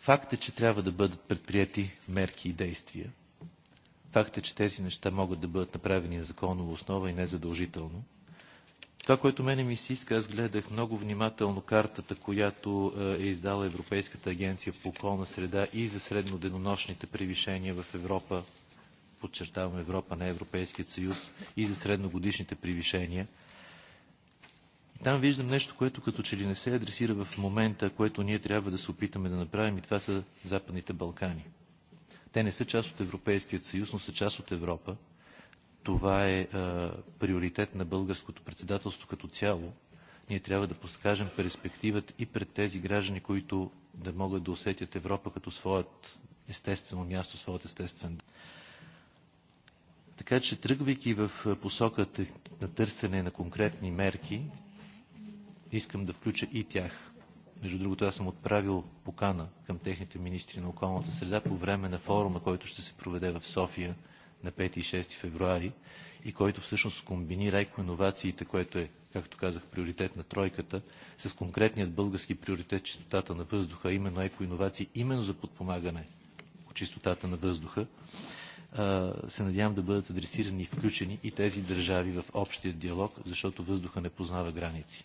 Факт е, че трябва да бъдат предприяти мерки и действия. Факт е, че тези неща могат да бъдат направени на законова основа и незадължително. Това, което мене ми се иска, аз гледах много внимателно картата, която е издала Европейската агенция по околна среда и за средноденонощните превишения в Европа подчертавам Европа, не Европейският съюз, и за средногодишните превишения. Там виждам нещо, което като че ли не се адресира в момента, което ние трябва да се опитаме да направим и това са Западните Балкани. Те не са част от Европейският съюз, но са част от Европа. Това е а, приоритет на българското председателство като цяло. Ние трябва да подскажем перспективът и пред тези граждани, които да могат да усетят Европа като своят естествено място, своят естествен така че, тръгвайки в посоката на търсене на конкретни мерки, искам да включа и тях. Между другото, аз съм отправил покана към техните министри на околната среда по време на форума, който ще се проведе в София на 5 и 6 февруари и който всъщност комбинира екоиновациите, което е, както казах, приоритет на тройката, с конкретният български приоритет чистотата на въздуха, именно еко-иновации, именно за подпомагане чистотата на въздуха се надявам да бъдат адресирани и включени и тези държави в общия диалог, защото въздуха не познава граници.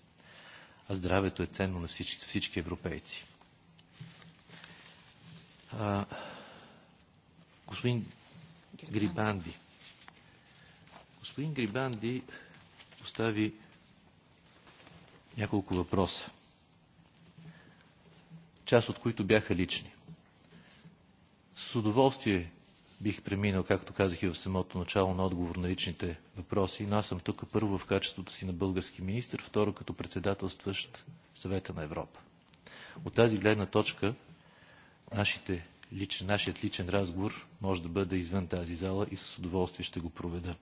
А здравето е ценно на всички, всички европейци. А, господин Грибанди. Господин Грибанди постави няколко въпроса, част от които бяха лични. С удоволствие бих преминал, както казах и в самото начало, на отговор на личните въпроси, но аз съм тук първо в качеството си на български министр, второ като председателстващ съвета на Европа. От тази гледна точка нашите, личен, нашият личен разговор може да бъде извън тази зала и с удоволствие ще го проведа.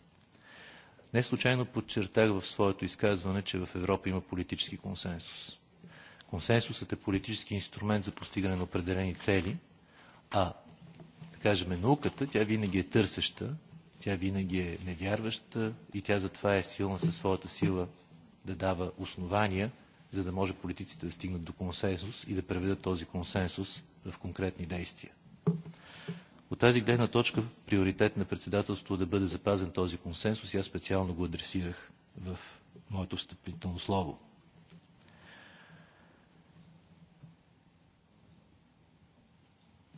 Не случайно подчертах в своето изказване, че в Европа има политически консенсус. Консенсусът е политически инструмент за постигане на определени цели, а да кажем, науката, тя винаги е търсеща, тя винаги е невярваща и тя затова е силна със своята сила да дава основания, за да може политиците да стигнат до консенсус и да преведат този консенсус в конкретни действия. От тази гледна точка приоритет на председателството е да бъде запазен този консенсус и аз специално го адресирах в моето встъпително слово.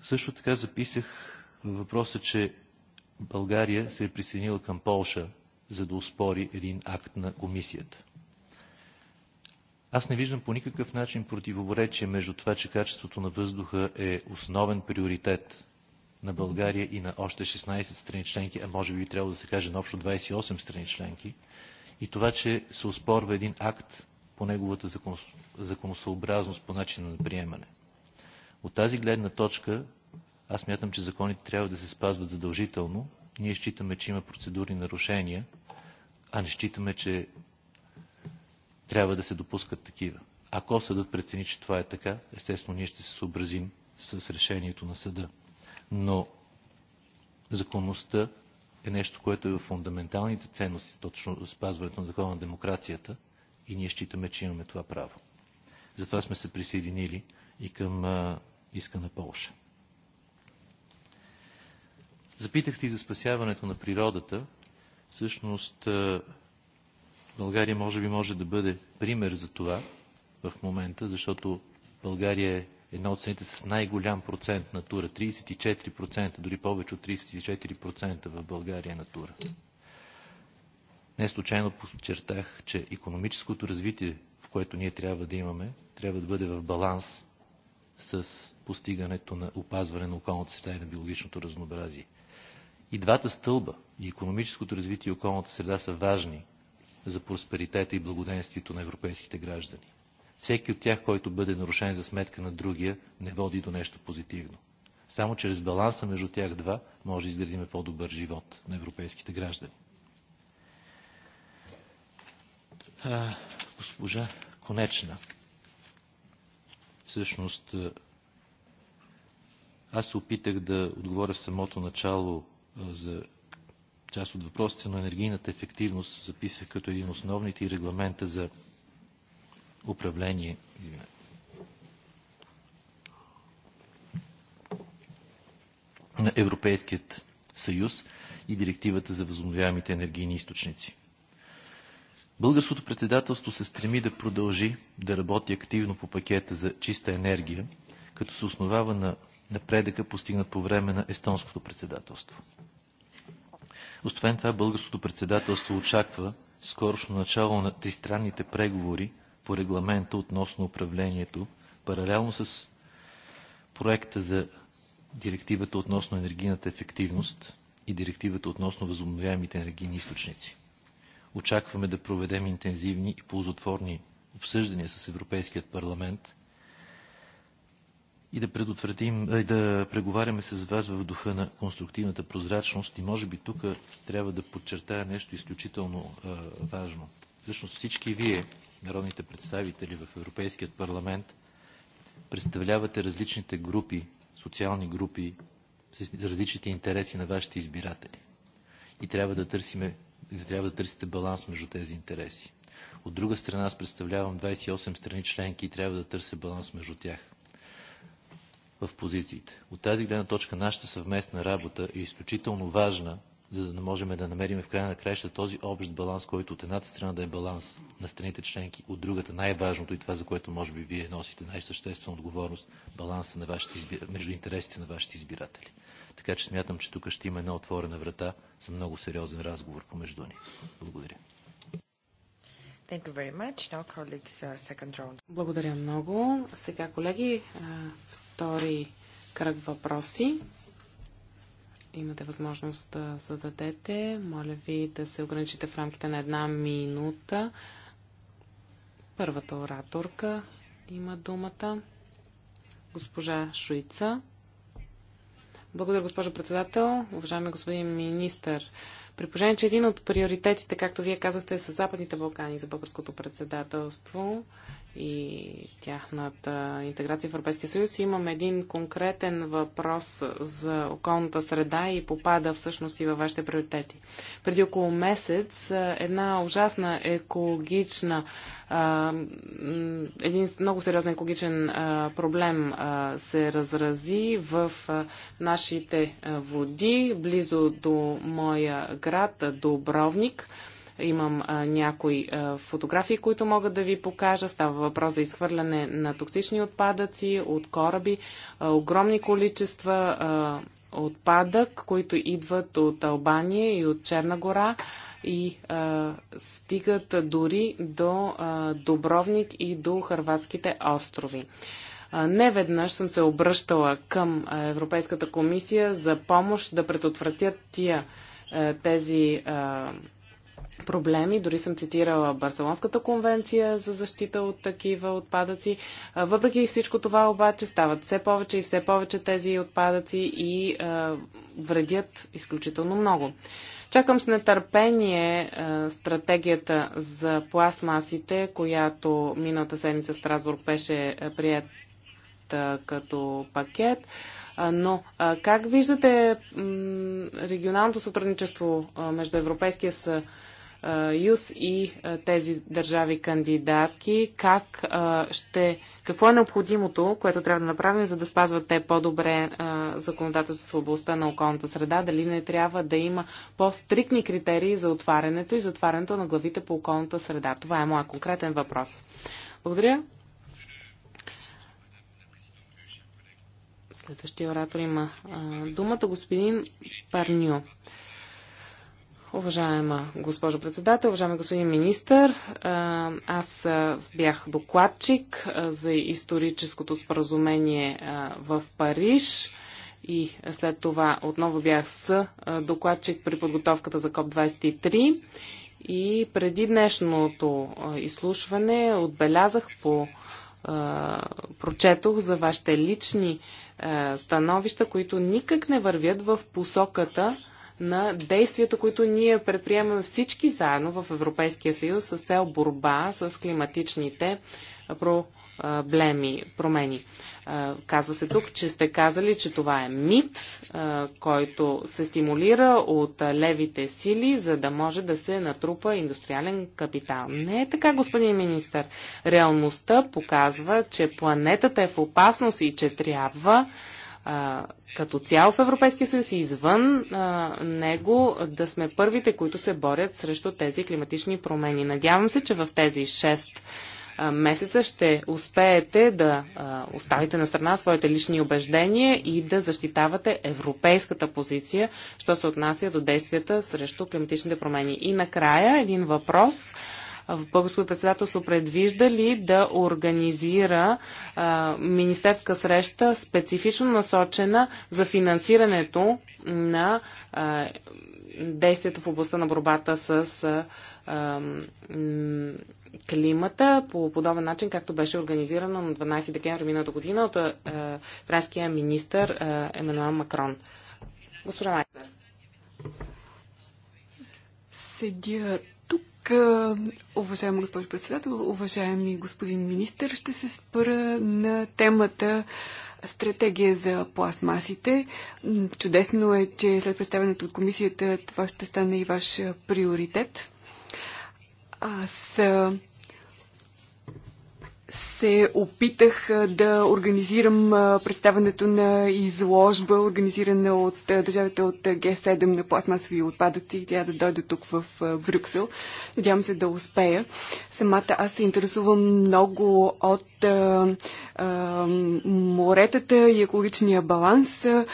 Също така записах въпроса, че България се е присъединила към Полша, за да успори един акт на комисията. Аз не виждам по никакъв начин противоречие между това, че качеството на въздуха е основен приоритет на България и на още 16 страни членки, а може би трябва да се каже на общо 28 страни членки, и това, че се успорва един акт по неговата законосъобразност, по начина на приемане – от тази гледна точка аз мятам, че законите трябва да се спазват задължително. Ние считаме, че има процедурни нарушения, а не считаме, че трябва да се допускат такива. Ако съдът прецени, че това е така, естествено ние ще се съобразим с решението на съда. Но законността е нещо, което е в фундаменталните ценности, точно спазването на закона на демокрацията и ние считаме, че имаме това право. Затова сме се присъединили и към иска на Полша. Запитахте и за спасяването на природата. Всъщност България може би може да бъде пример за това в момента, защото България е една от страните с най-голям процент натура. 34%, дори повече от 34% в България е натура. Не случайно подчертах, че економическото развитие, в което ние трябва да имаме, трябва да бъде в баланс с постигането на опазване на околната среда и на биологичното разнообразие. И двата стълба, и економическото развитие и околната среда са важни за просперитета и благоденствието на европейските граждани. Всеки от тях, който бъде нарушен за сметка на другия, не води до нещо позитивно. Само чрез баланса между тях два може да изградим по-добър живот на европейските граждани. А, госпожа Конечна всъщност аз се опитах да отговоря в самото начало за част от въпросите на енергийната ефективност, записах като един основните и регламента за управление. Извинете. на Европейският съюз и директивата за възобновяемите енергийни източници. Българското председателство се стреми да продължи да работи активно по пакета за чиста енергия като се основава на напредъка, постигнат по време на естонското председателство. Освен това, българското председателство очаква скорошно начало на тристранните преговори по регламента относно управлението, паралелно с проекта за директивата относно енергийната ефективност и директивата относно възобновяемите енергийни източници. Очакваме да проведем интензивни и ползотворни обсъждания с Европейският парламент и да предотвратим, и да преговаряме с вас в духа на конструктивната прозрачност. И може би тук трябва да подчертая нещо изключително а, важно. Всъщност всички вие, народните представители в Европейският парламент, представлявате различните групи, социални групи, с различните интереси на вашите избиратели. И трябва да, търсиме, трябва да търсите баланс между тези интереси. От друга страна, аз представлявам 28 страни членки и трябва да търся баланс между тях в позициите. От тази гледна точка нашата съвместна работа е изключително важна, за да можем да намерим в края на краища този общ баланс, който от едната страна да е баланс на страните членки, от другата най-важното и това, за което може би вие носите най-съществена отговорност, баланса на вашите избир... между интересите на вашите избиратели. Така че смятам, че тук ще има една отворена врата за много сериозен разговор помежду ни. Благодаря. Thank you very much. Now, colleagues, uh, second round. Благодаря много. Сега, колеги, втори кръг въпроси. Имате възможност да зададете. Моля ви да се ограничите в рамките на една минута. Първата ораторка има думата. Госпожа Шуица. Благодаря, госпожо председател. Уважаеми господин министър, при положение, че един от приоритетите, както вие казахте, е Западните Балкани за българското председателство и тяхната интеграция в Европейския съюз. Имам един конкретен въпрос за околната среда и попада всъщност и във вашите приоритети. Преди около месец една ужасна екологична, един много сериозен екологичен проблем се разрази в нашите води, близо до моя град Добровник. Имам а, някои а, фотографии, които могат да ви покажа. Става въпрос за изхвърляне на токсични отпадъци от кораби. А, огромни количества а, отпадък, които идват от Албания и от Черна гора и а, стигат дори до а, Добровник и до Харватските острови. Неведнъж съм се обръщала към Европейската комисия за помощ да предотвратят тия, тези проблеми. Дори съм цитирала Барселонската конвенция за защита от такива отпадъци. Въпреки всичко това обаче стават все повече и все повече тези отпадъци и е, вредят изключително много. Чакам с нетърпение е, стратегията за пластмасите, която миналата седмица в Страсбург беше прият като пакет. Но как виждате регионалното сътрудничество между Европейския съюз ЮС и тези държави кандидатки, как ще, какво е необходимото, което трябва да направим, за да спазват те по-добре законодателството в областта на околната среда, дали не трябва да има по-стрикни критерии за отварянето и затварянето на главите по околната среда. Това е моят конкретен въпрос. Благодаря. Следващия оратор има думата господин Парню. Уважаема госпожо председател, уважаеми господин министър, аз бях докладчик за историческото споразумение в Париж и след това отново бях с докладчик при подготовката за КОП-23 и преди днешното изслушване отбелязах по прочетох за вашите лични становища, които никак не вървят в посоката на действията, които ние предприемаме всички заедно в Европейския съюз с цел борба с климатичните проблеми, промени. Казва се тук, че сте казали, че това е мит, който се стимулира от левите сили, за да може да се натрупа индустриален капитал. Не е така, господин министр. Реалността показва, че планетата е в опасност и че трябва а, като цяло в Европейския съюз и извън а, него да сме първите, които се борят срещу тези климатични промени. Надявам се, че в тези 6 а, месеца ще успеете да а, оставите на страна своите лични убеждения и да защитавате европейската позиция, що се отнася до действията срещу климатичните промени. И накрая един въпрос в българското председателство предвижда ли да организира а, министерска среща специфично насочена за финансирането на а, действията в областта на борбата с а, а, климата по подобен начин, както беше организирано на 12 декември миналата година от франския министр Емануел Макрон. Господа Майкер. Седя Уважаема госпожо председател, уважаеми господин министр, ще се спра на темата стратегия за пластмасите. Чудесно е, че след представянето от комисията това ще стане и ваш приоритет. Аз се опитах да организирам представенето на изложба, организирана от държавата от Г7 на пластмасови отпадъци и тя да дойде тук в Брюксел. Надявам се да успея. Самата аз се интересувам много от а, а, моретата и екологичния баланс а,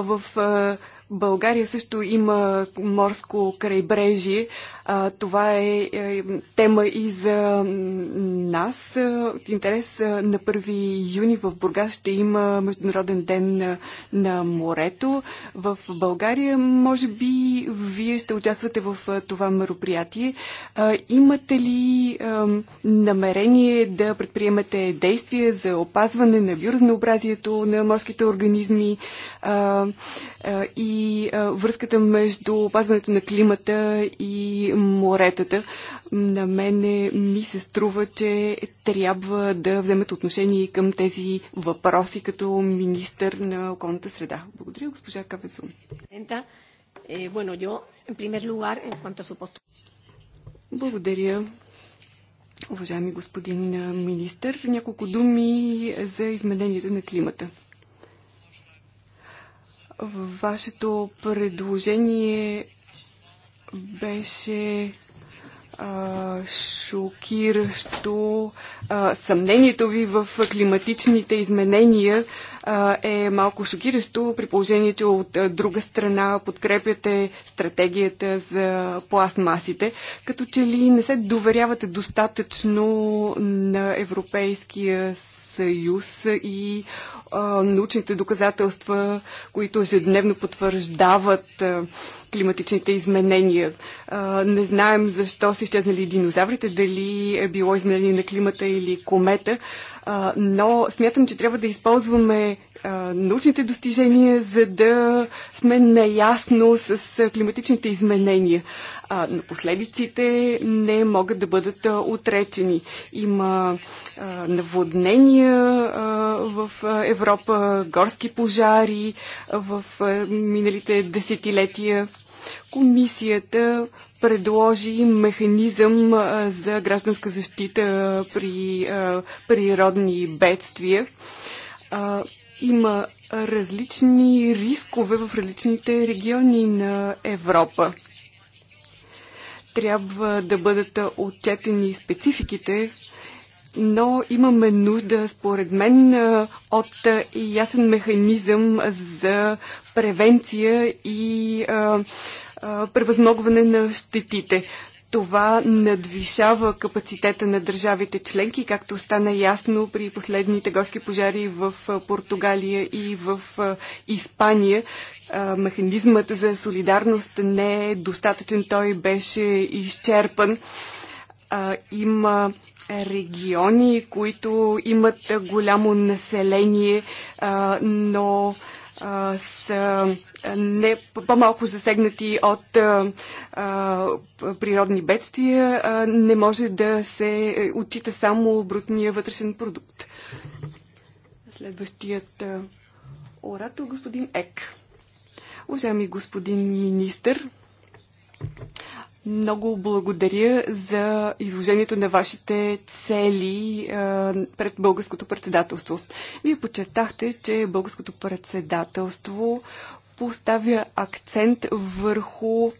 в а, България също има морско крайбрежие. А, това е, е тема и за нас. От интерес на 1 юни в Бургас ще има Международен ден на, на морето. В България, може би, вие ще участвате в това мероприятие. А, имате ли а, намерение да предприемете действия за опазване на биоразнообразието на морските организми а, а, и а, връзката между опазването на климата и моретата. На мене ми се струва, че трябва да вземете отношение към тези въпроси като министър на околната среда. Благодаря, госпожа Кавесун. Е, Благодаря, уважаеми господин министър. Няколко думи за измененията на климата. Вашето предложение беше а, шокиращо. А, съмнението ви в климатичните изменения а, е малко шокиращо, при положение, че от друга страна подкрепяте стратегията за пластмасите, като че ли не се доверявате достатъчно на Европейския съюз съюз и а, научните доказателства, които ежедневно потвърждават а, климатичните изменения. А, не знаем защо са изчезнали динозаврите, дали е било изменение на климата или комета, а, но смятам, че трябва да използваме научните достижения, за да сме наясно с климатичните изменения. Но последиците не могат да бъдат отречени. Има наводнения в Европа, горски пожари в миналите десетилетия. Комисията предложи механизъм за гражданска защита при природни бедствия има различни рискове в различните региони на Европа. Трябва да бъдат отчетени спецификите, но имаме нужда, според мен, от ясен механизъм за превенция и превъзмогване на щетите това надвишава капацитета на държавите членки, както стана ясно при последните горски пожари в Португалия и в Испания. Механизмът за солидарност не е достатъчен, той беше изчерпан. Има региони, които имат голямо население, но са не по-малко засегнати от а, а, природни бедствия, а, не може да се е, отчита само брутния вътрешен продукт. Следващият а, оратор, господин Ек. Уважаеми господин министр, много благодаря за изложението на вашите цели а, пред българското председателство. Вие подчертахте, че българското председателство поставя акцент върху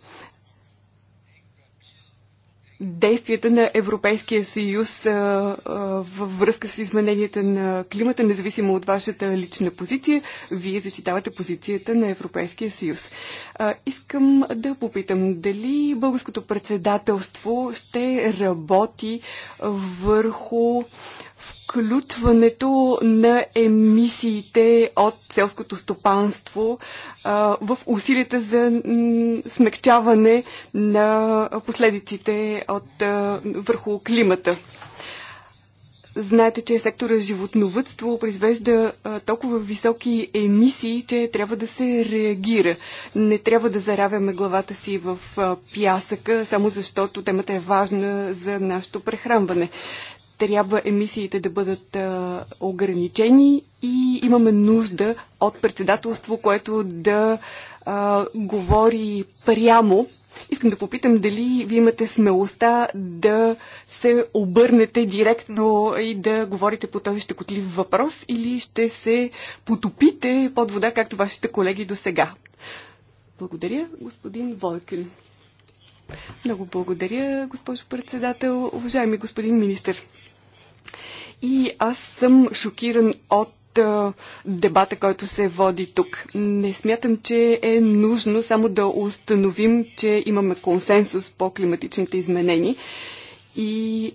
действията на Европейския съюз а, а, във връзка с измененията на климата, независимо от вашата лична позиция, вие защитавате позицията на Европейския съюз. А, искам да попитам дали българското председателство ще работи върху включването на емисиите от селското стопанство в усилията за смягчаване на последиците от, върху климата. Знаете, че сектора животновътство произвежда толкова високи емисии, че трябва да се реагира. Не трябва да заравяме главата си в пясъка, само защото темата е важна за нашето прехранване трябва емисиите да бъдат а, ограничени и имаме нужда от председателство, което да а, говори прямо. Искам да попитам дали ви имате смелостта да се обърнете директно и да говорите по този щекотлив въпрос или ще се потопите под вода, както вашите колеги до сега. Благодаря, господин Войкен. Много благодаря, госпожо председател. Уважаеми господин министр, и аз съм шокиран от дебата, който се води тук. Не смятам, че е нужно само да установим, че имаме консенсус по климатичните изменения и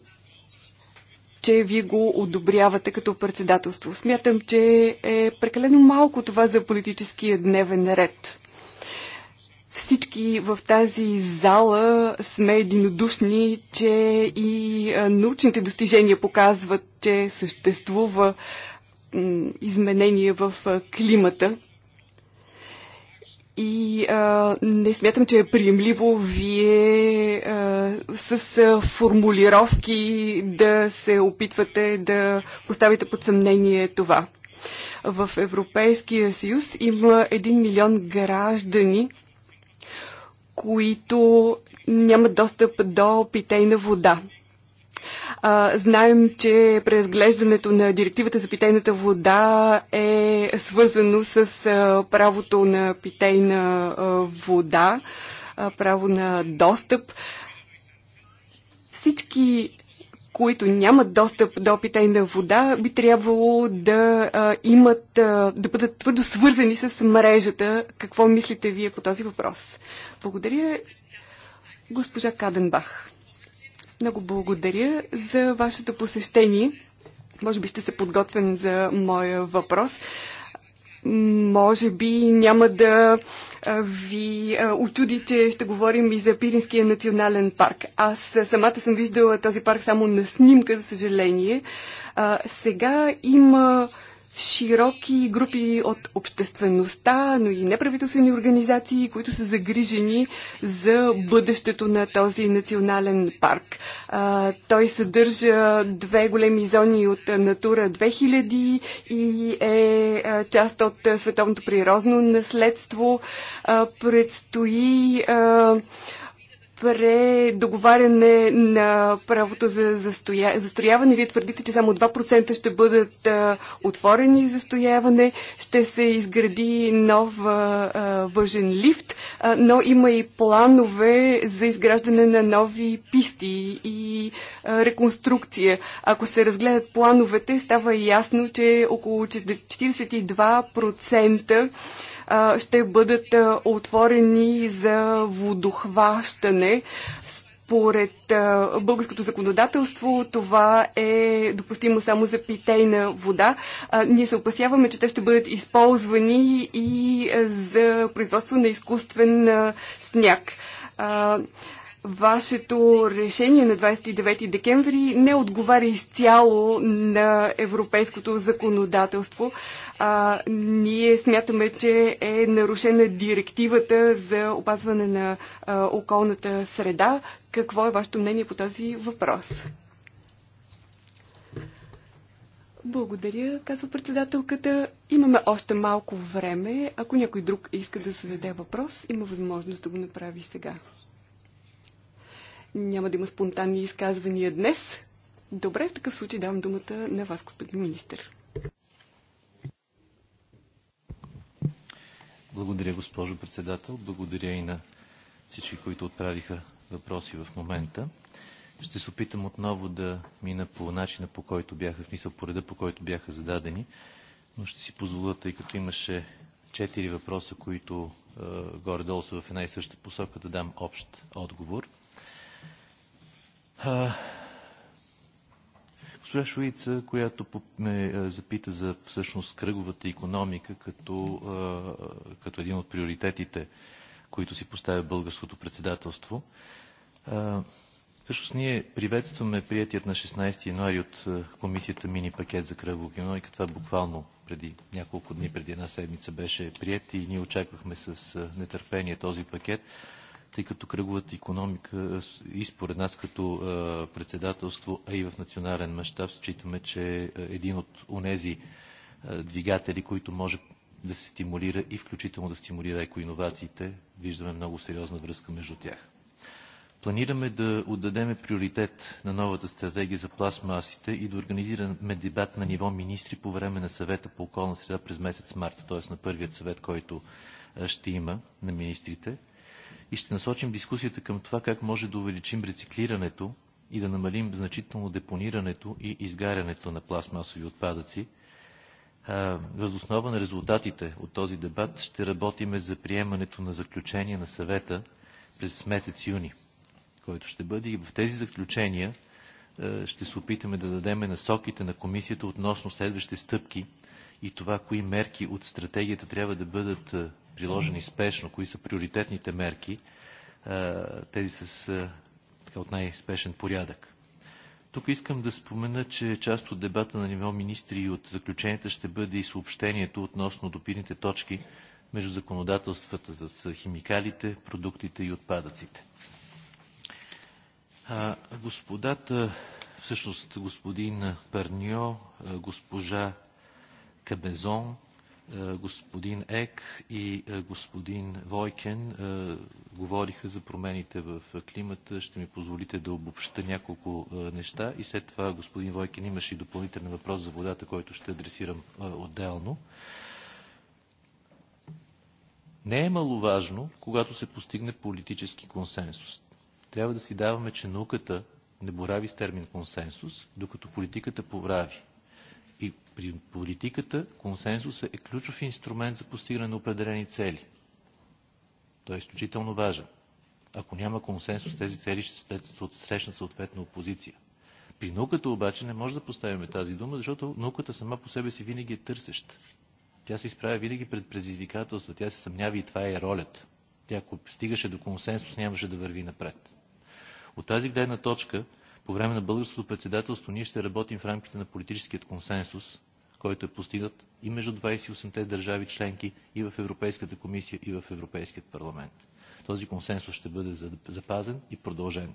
че вие го одобрявате като председателство. Смятам, че е прекалено малко това за политическия дневен ред всички в тази зала сме единодушни, че и научните достижения показват, че съществува изменение в климата. И а, не смятам, че е приемливо вие а, с формулировки да се опитвате да поставите под съмнение това. В Европейския съюз има 1 милион граждани, които нямат достъп до питейна вода. А, знаем, че преразглеждането на директивата за питейната вода е свързано с а, правото на питейна а, вода, а, право на достъп. Всички които нямат достъп до питейна вода, би трябвало да а, имат, а, да бъдат твърдо свързани с мрежата. Какво мислите вие по този въпрос? Благодаря, госпожа Каденбах. Много благодаря за вашето посещение. Може би ще се подготвен за моя въпрос. Може би няма да ви очуди, че ще говорим и за Пиринския национален парк. Аз самата съм виждала този парк само на снимка, за съжаление. Сега има широки групи от обществеността, но и неправителствени организации, които са загрижени за бъдещето на този национален парк. А, той съдържа две големи зони от Натура 2000 и е а, част от световното природно наследство. А, предстои а, предоговаряне на правото за застоя... застояване. Вие твърдите, че само 2% ще бъдат а, отворени застояване, ще се изгради нов а, а, въжен лифт, а, но има и планове за изграждане на нови писти и а, реконструкция. Ако се разгледат плановете, става ясно, че около 42% ще бъдат отворени за водохващане. Според българското законодателство това е допустимо само за питейна вода. Ние се опасяваме, че те ще бъдат използвани и за производство на изкуствен сняг Вашето решение на 29 декември не отговаря изцяло на европейското законодателство. А, ние смятаме, че е нарушена директивата за опазване на а, околната среда. Какво е вашето мнение по този въпрос? Благодаря, казва председателката. Имаме още малко време. Ако някой друг иска да зададе въпрос, има възможност да го направи сега. Няма да има спонтанни изказвания днес. Добре, в такъв случай давам думата на вас, господин министр. Благодаря, госпожо председател. Благодаря и на всички, които отправиха въпроси в момента. Ще се опитам отново да мина по начина, по който бяха, в мисъл по реда, по който бяха зададени, но ще си позволя, тъй като имаше четири въпроса, които е, горе-долу са в една и съща посока, да дам общ отговор госпожа Шуица, която ме запита за всъщност кръговата економика като, като един от приоритетите, които си поставя българското председателство. Всъщност ние приветстваме приятият на 16 януари от комисията мини пакет за кръгово економика. Това буквално преди няколко дни, преди една седмица беше прият и ние очаквахме с нетърпение този пакет тъй като кръговата економика и според нас като председателство, а и в национален мащаб считаме, че е един от онези двигатели, които може да се стимулира и включително да стимулира екоинновациите. Виждаме много сериозна връзка между тях. Планираме да отдадеме приоритет на новата стратегия за пластмасите и да организираме дебат на ниво министри по време на съвета по околна среда през месец март, т.е. на първият съвет, който ще има на министрите и ще насочим дискусията към това как може да увеличим рециклирането и да намалим значително депонирането и изгарянето на пластмасови отпадъци. Възоснова на резултатите от този дебат ще работиме за приемането на заключение на съвета през месец юни, който ще бъде и в тези заключения ще се опитаме да дадем насоките на комисията относно следващите стъпки и това, кои мерки от стратегията трябва да бъдат приложени спешно, кои са приоритетните мерки, тези с така, от най-спешен порядък. Тук искам да спомена, че част от дебата на ниво министри и от заключенията ще бъде и съобщението относно допирните точки между законодателствата за химикалите, продуктите и отпадъците. А, господата, всъщност господин Парньо, госпожа Кабезон, господин Ек и е, господин Войкен е, говориха за промените в е, климата. Ще ми позволите да обобща няколко неща и след това господин Войкен имаше и допълнителен въпрос за водата, който ще адресирам отделно. Не е маловажно, когато се постигне политически консенсус. Трябва да си даваме, че науката не борави с термин консенсус, докато политиката поврави. При политиката консенсусът е ключов инструмент за постигане на определени цели. Той е изключително важен. Ако няма консенсус, тези цели ще срещнат съответна опозиция. При науката обаче не може да поставим тази дума, защото науката сама по себе си винаги е търсеща. Тя се изправя винаги пред предизвикателства, тя се съмнява и това е ролята. Тя ако стигаше до консенсус, нямаше да върви напред. От тази гледна точка, по време на българското председателство, ние ще работим в рамките на политическият консенсус, който е постигнат и между 28-те държави членки, и в Европейската комисия, и в Европейският парламент. Този консенсус ще бъде запазен и продължен.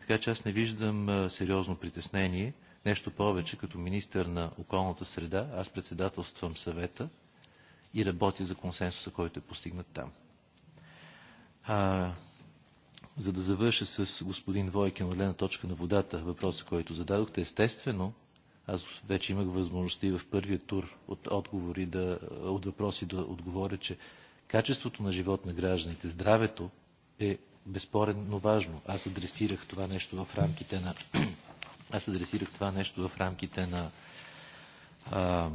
Така че аз не виждам сериозно притеснение. Нещо повече, като министър на околната среда, аз председателствам съвета и работя за консенсуса, който е постигнат там. А, за да завърша с господин Войкин от гледна точка на водата, въпроса, който зададохте, естествено аз вече имах възможността и в първия тур от, отговори да, от въпроси да отговоря, че качеството на живот на гражданите, здравето е безспорно важно. Аз адресирах това нещо в рамките на, аз адресирах това нещо в рамките на а,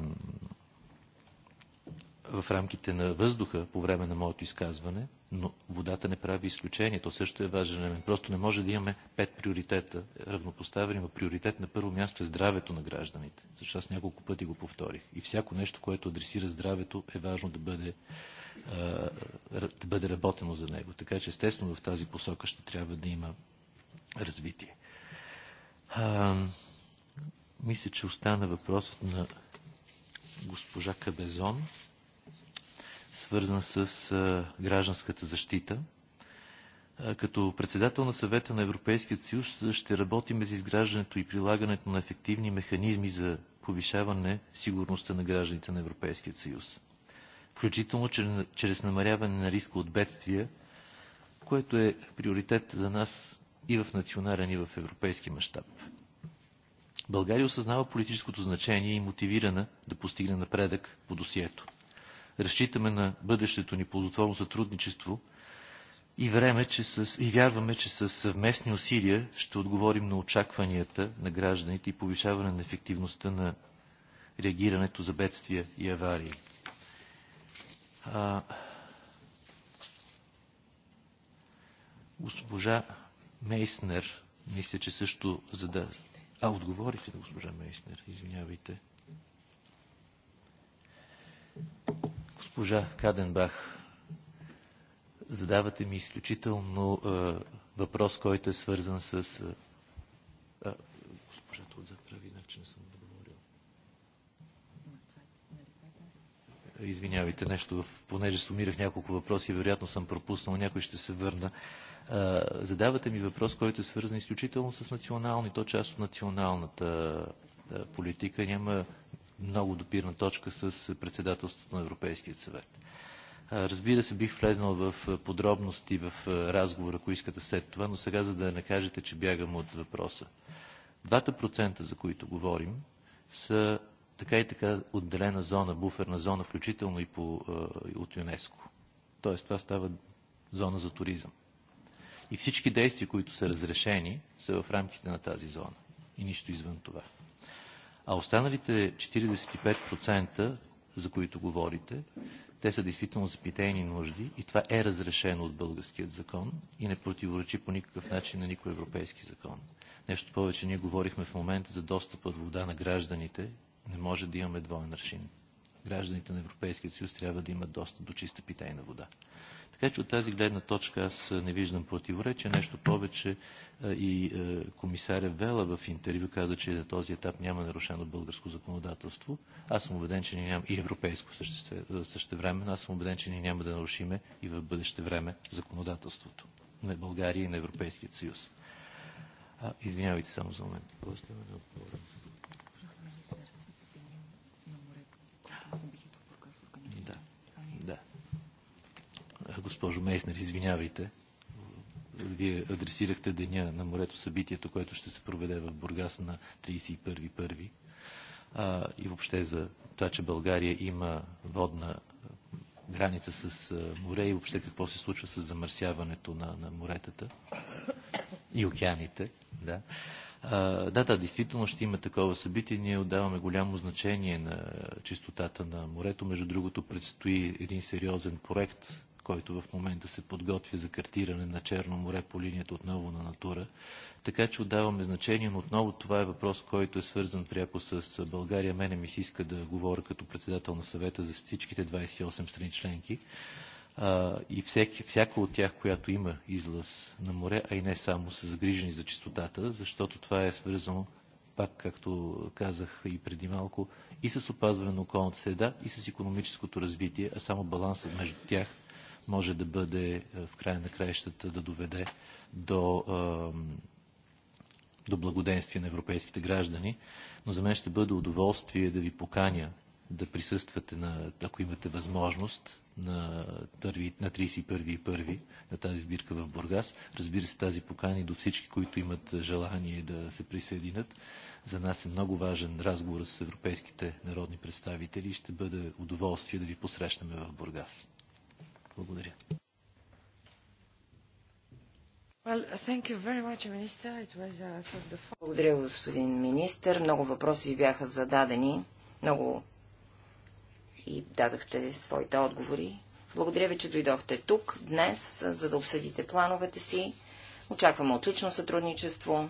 в рамките на въздуха по време на моето изказване, но водата не прави изключение. То също е важен елемент. Просто не може да имаме пет приоритета равнопоставени, но приоритет на първо място е здравето на гражданите. Защото аз няколко пъти го повторих. И всяко нещо, което адресира здравето, е важно да бъде, да бъде работено за него. Така че естествено в тази посока ще трябва да има развитие. А, мисля, че остана въпросът на госпожа Кабезон свързан с гражданската защита. Като председател на съвета на Европейския съюз ще работим за изграждането и прилагането на ефективни механизми за повишаване сигурността на гражданите на Европейския съюз, включително чрез намаряване на риска от бедствия, което е приоритет за нас и в национален, и в европейски мащаб. България осъзнава политическото значение и мотивирана да постигне напредък по досието разчитаме на бъдещето ни ползотворно сътрудничество и, време, че с, и вярваме, че с съвместни усилия ще отговорим на очакванията на гражданите и повишаване на ефективността на реагирането за бедствия и аварии. А, госпожа Мейснер, мисля, че също зада... А, отговорите на госпожа Мейснер, извинявайте. Госпожа Каденбах, задавате ми изключително е, въпрос, който е свързан с... Е, е госпожата отзад прави знак, че не съм договорил. Извинявайте, нещо, в... понеже сумирах няколко въпроси, вероятно съм пропуснал, някой ще се върна. Е, задавате ми въпрос, който е свързан изключително с национални, то част от националната е, политика. Няма много допирна точка с председателството на Европейския съвет. Разбира се, бих влезнал в подробности в разговора, ако искате след това, но сега, за да не кажете, че бягам от въпроса. Двата процента, за които говорим, са така и така отделена зона, буферна зона, включително и по, от ЮНЕСКО. Тоест, това става зона за туризъм. И всички действия, които са разрешени, са в рамките на тази зона. И нищо извън това. А останалите 45%, за които говорите, те са действително за питейни нужди и това е разрешено от българският закон и не противоречи по никакъв начин на никой европейски закон. Нещо повече, ние говорихме в момента за достъп от вода на гражданите. Не може да имаме двоен аршин. Гражданите на Европейския съюз трябва да имат достъп до чиста питейна вода. Така че от тази гледна точка аз не виждам противоречие. Нещо повече и комисаря Вела в интервю каза, че на този етап няма нарушено българско законодателство. Аз съм убеден, че ни няма и европейско също време, аз съм убеден, че ни няма да нарушиме и в бъдеще време законодателството на България и на Европейския съюз. А, извинявайте само за момент. Благодаря. госпожо Мейснер, извинявайте. Вие адресирахте деня на морето събитието, което ще се проведе в Бургас на 31.1. И въобще за това, че България има водна граница с море и въобще какво се случва с замърсяването на, на моретата и океаните. Да. да, да, действително ще има такова събитие. Ние отдаваме голямо значение на чистотата на морето. Между другото, предстои един сериозен проект който в момента се подготвя за картиране на Черно море по линията отново на Натура. Така че отдаваме значение, но отново това е въпрос, който е свързан пряко с България. Мене ми се иска да говоря като председател на съвета за всичките 28 страни членки и всеки, всяко от тях, която има излъз на море, а и не само, са загрижени за чистотата, защото това е свързано, пак както казах и преди малко, и с опазване на околната среда, и с економическото развитие, а само балансът между тях може да бъде е, в края на краищата да доведе до, до благоденствие на европейските граждани. Но за мен ще бъде удоволствие да ви поканя да присъствате, на, ако имате възможност, на, на 31 и на тази сбирка в Бургас. Разбира се, тази покани до всички, които имат желание да се присъединят. За нас е много важен разговор с европейските народни представители и ще бъде удоволствие да ви посрещаме в Бургас. Благодаря. Uh, Благодаря, господин министр. Много въпроси ви бяха зададени. Много и дадахте своите отговори. Благодаря ви, че дойдохте тук днес, за да обсъдите плановете си. Очакваме отлично сътрудничество.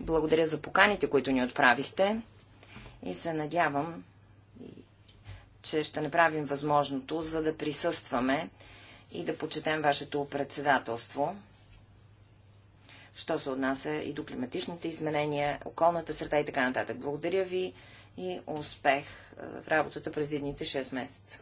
Благодаря за поканите, които ни отправихте. И се надявам, че ще направим възможното, за да присъстваме и да почетем вашето председателство, що се отнася и до климатичните изменения, околната среда и така нататък. Благодаря ви и успех е, в работата през едните 6 месеца.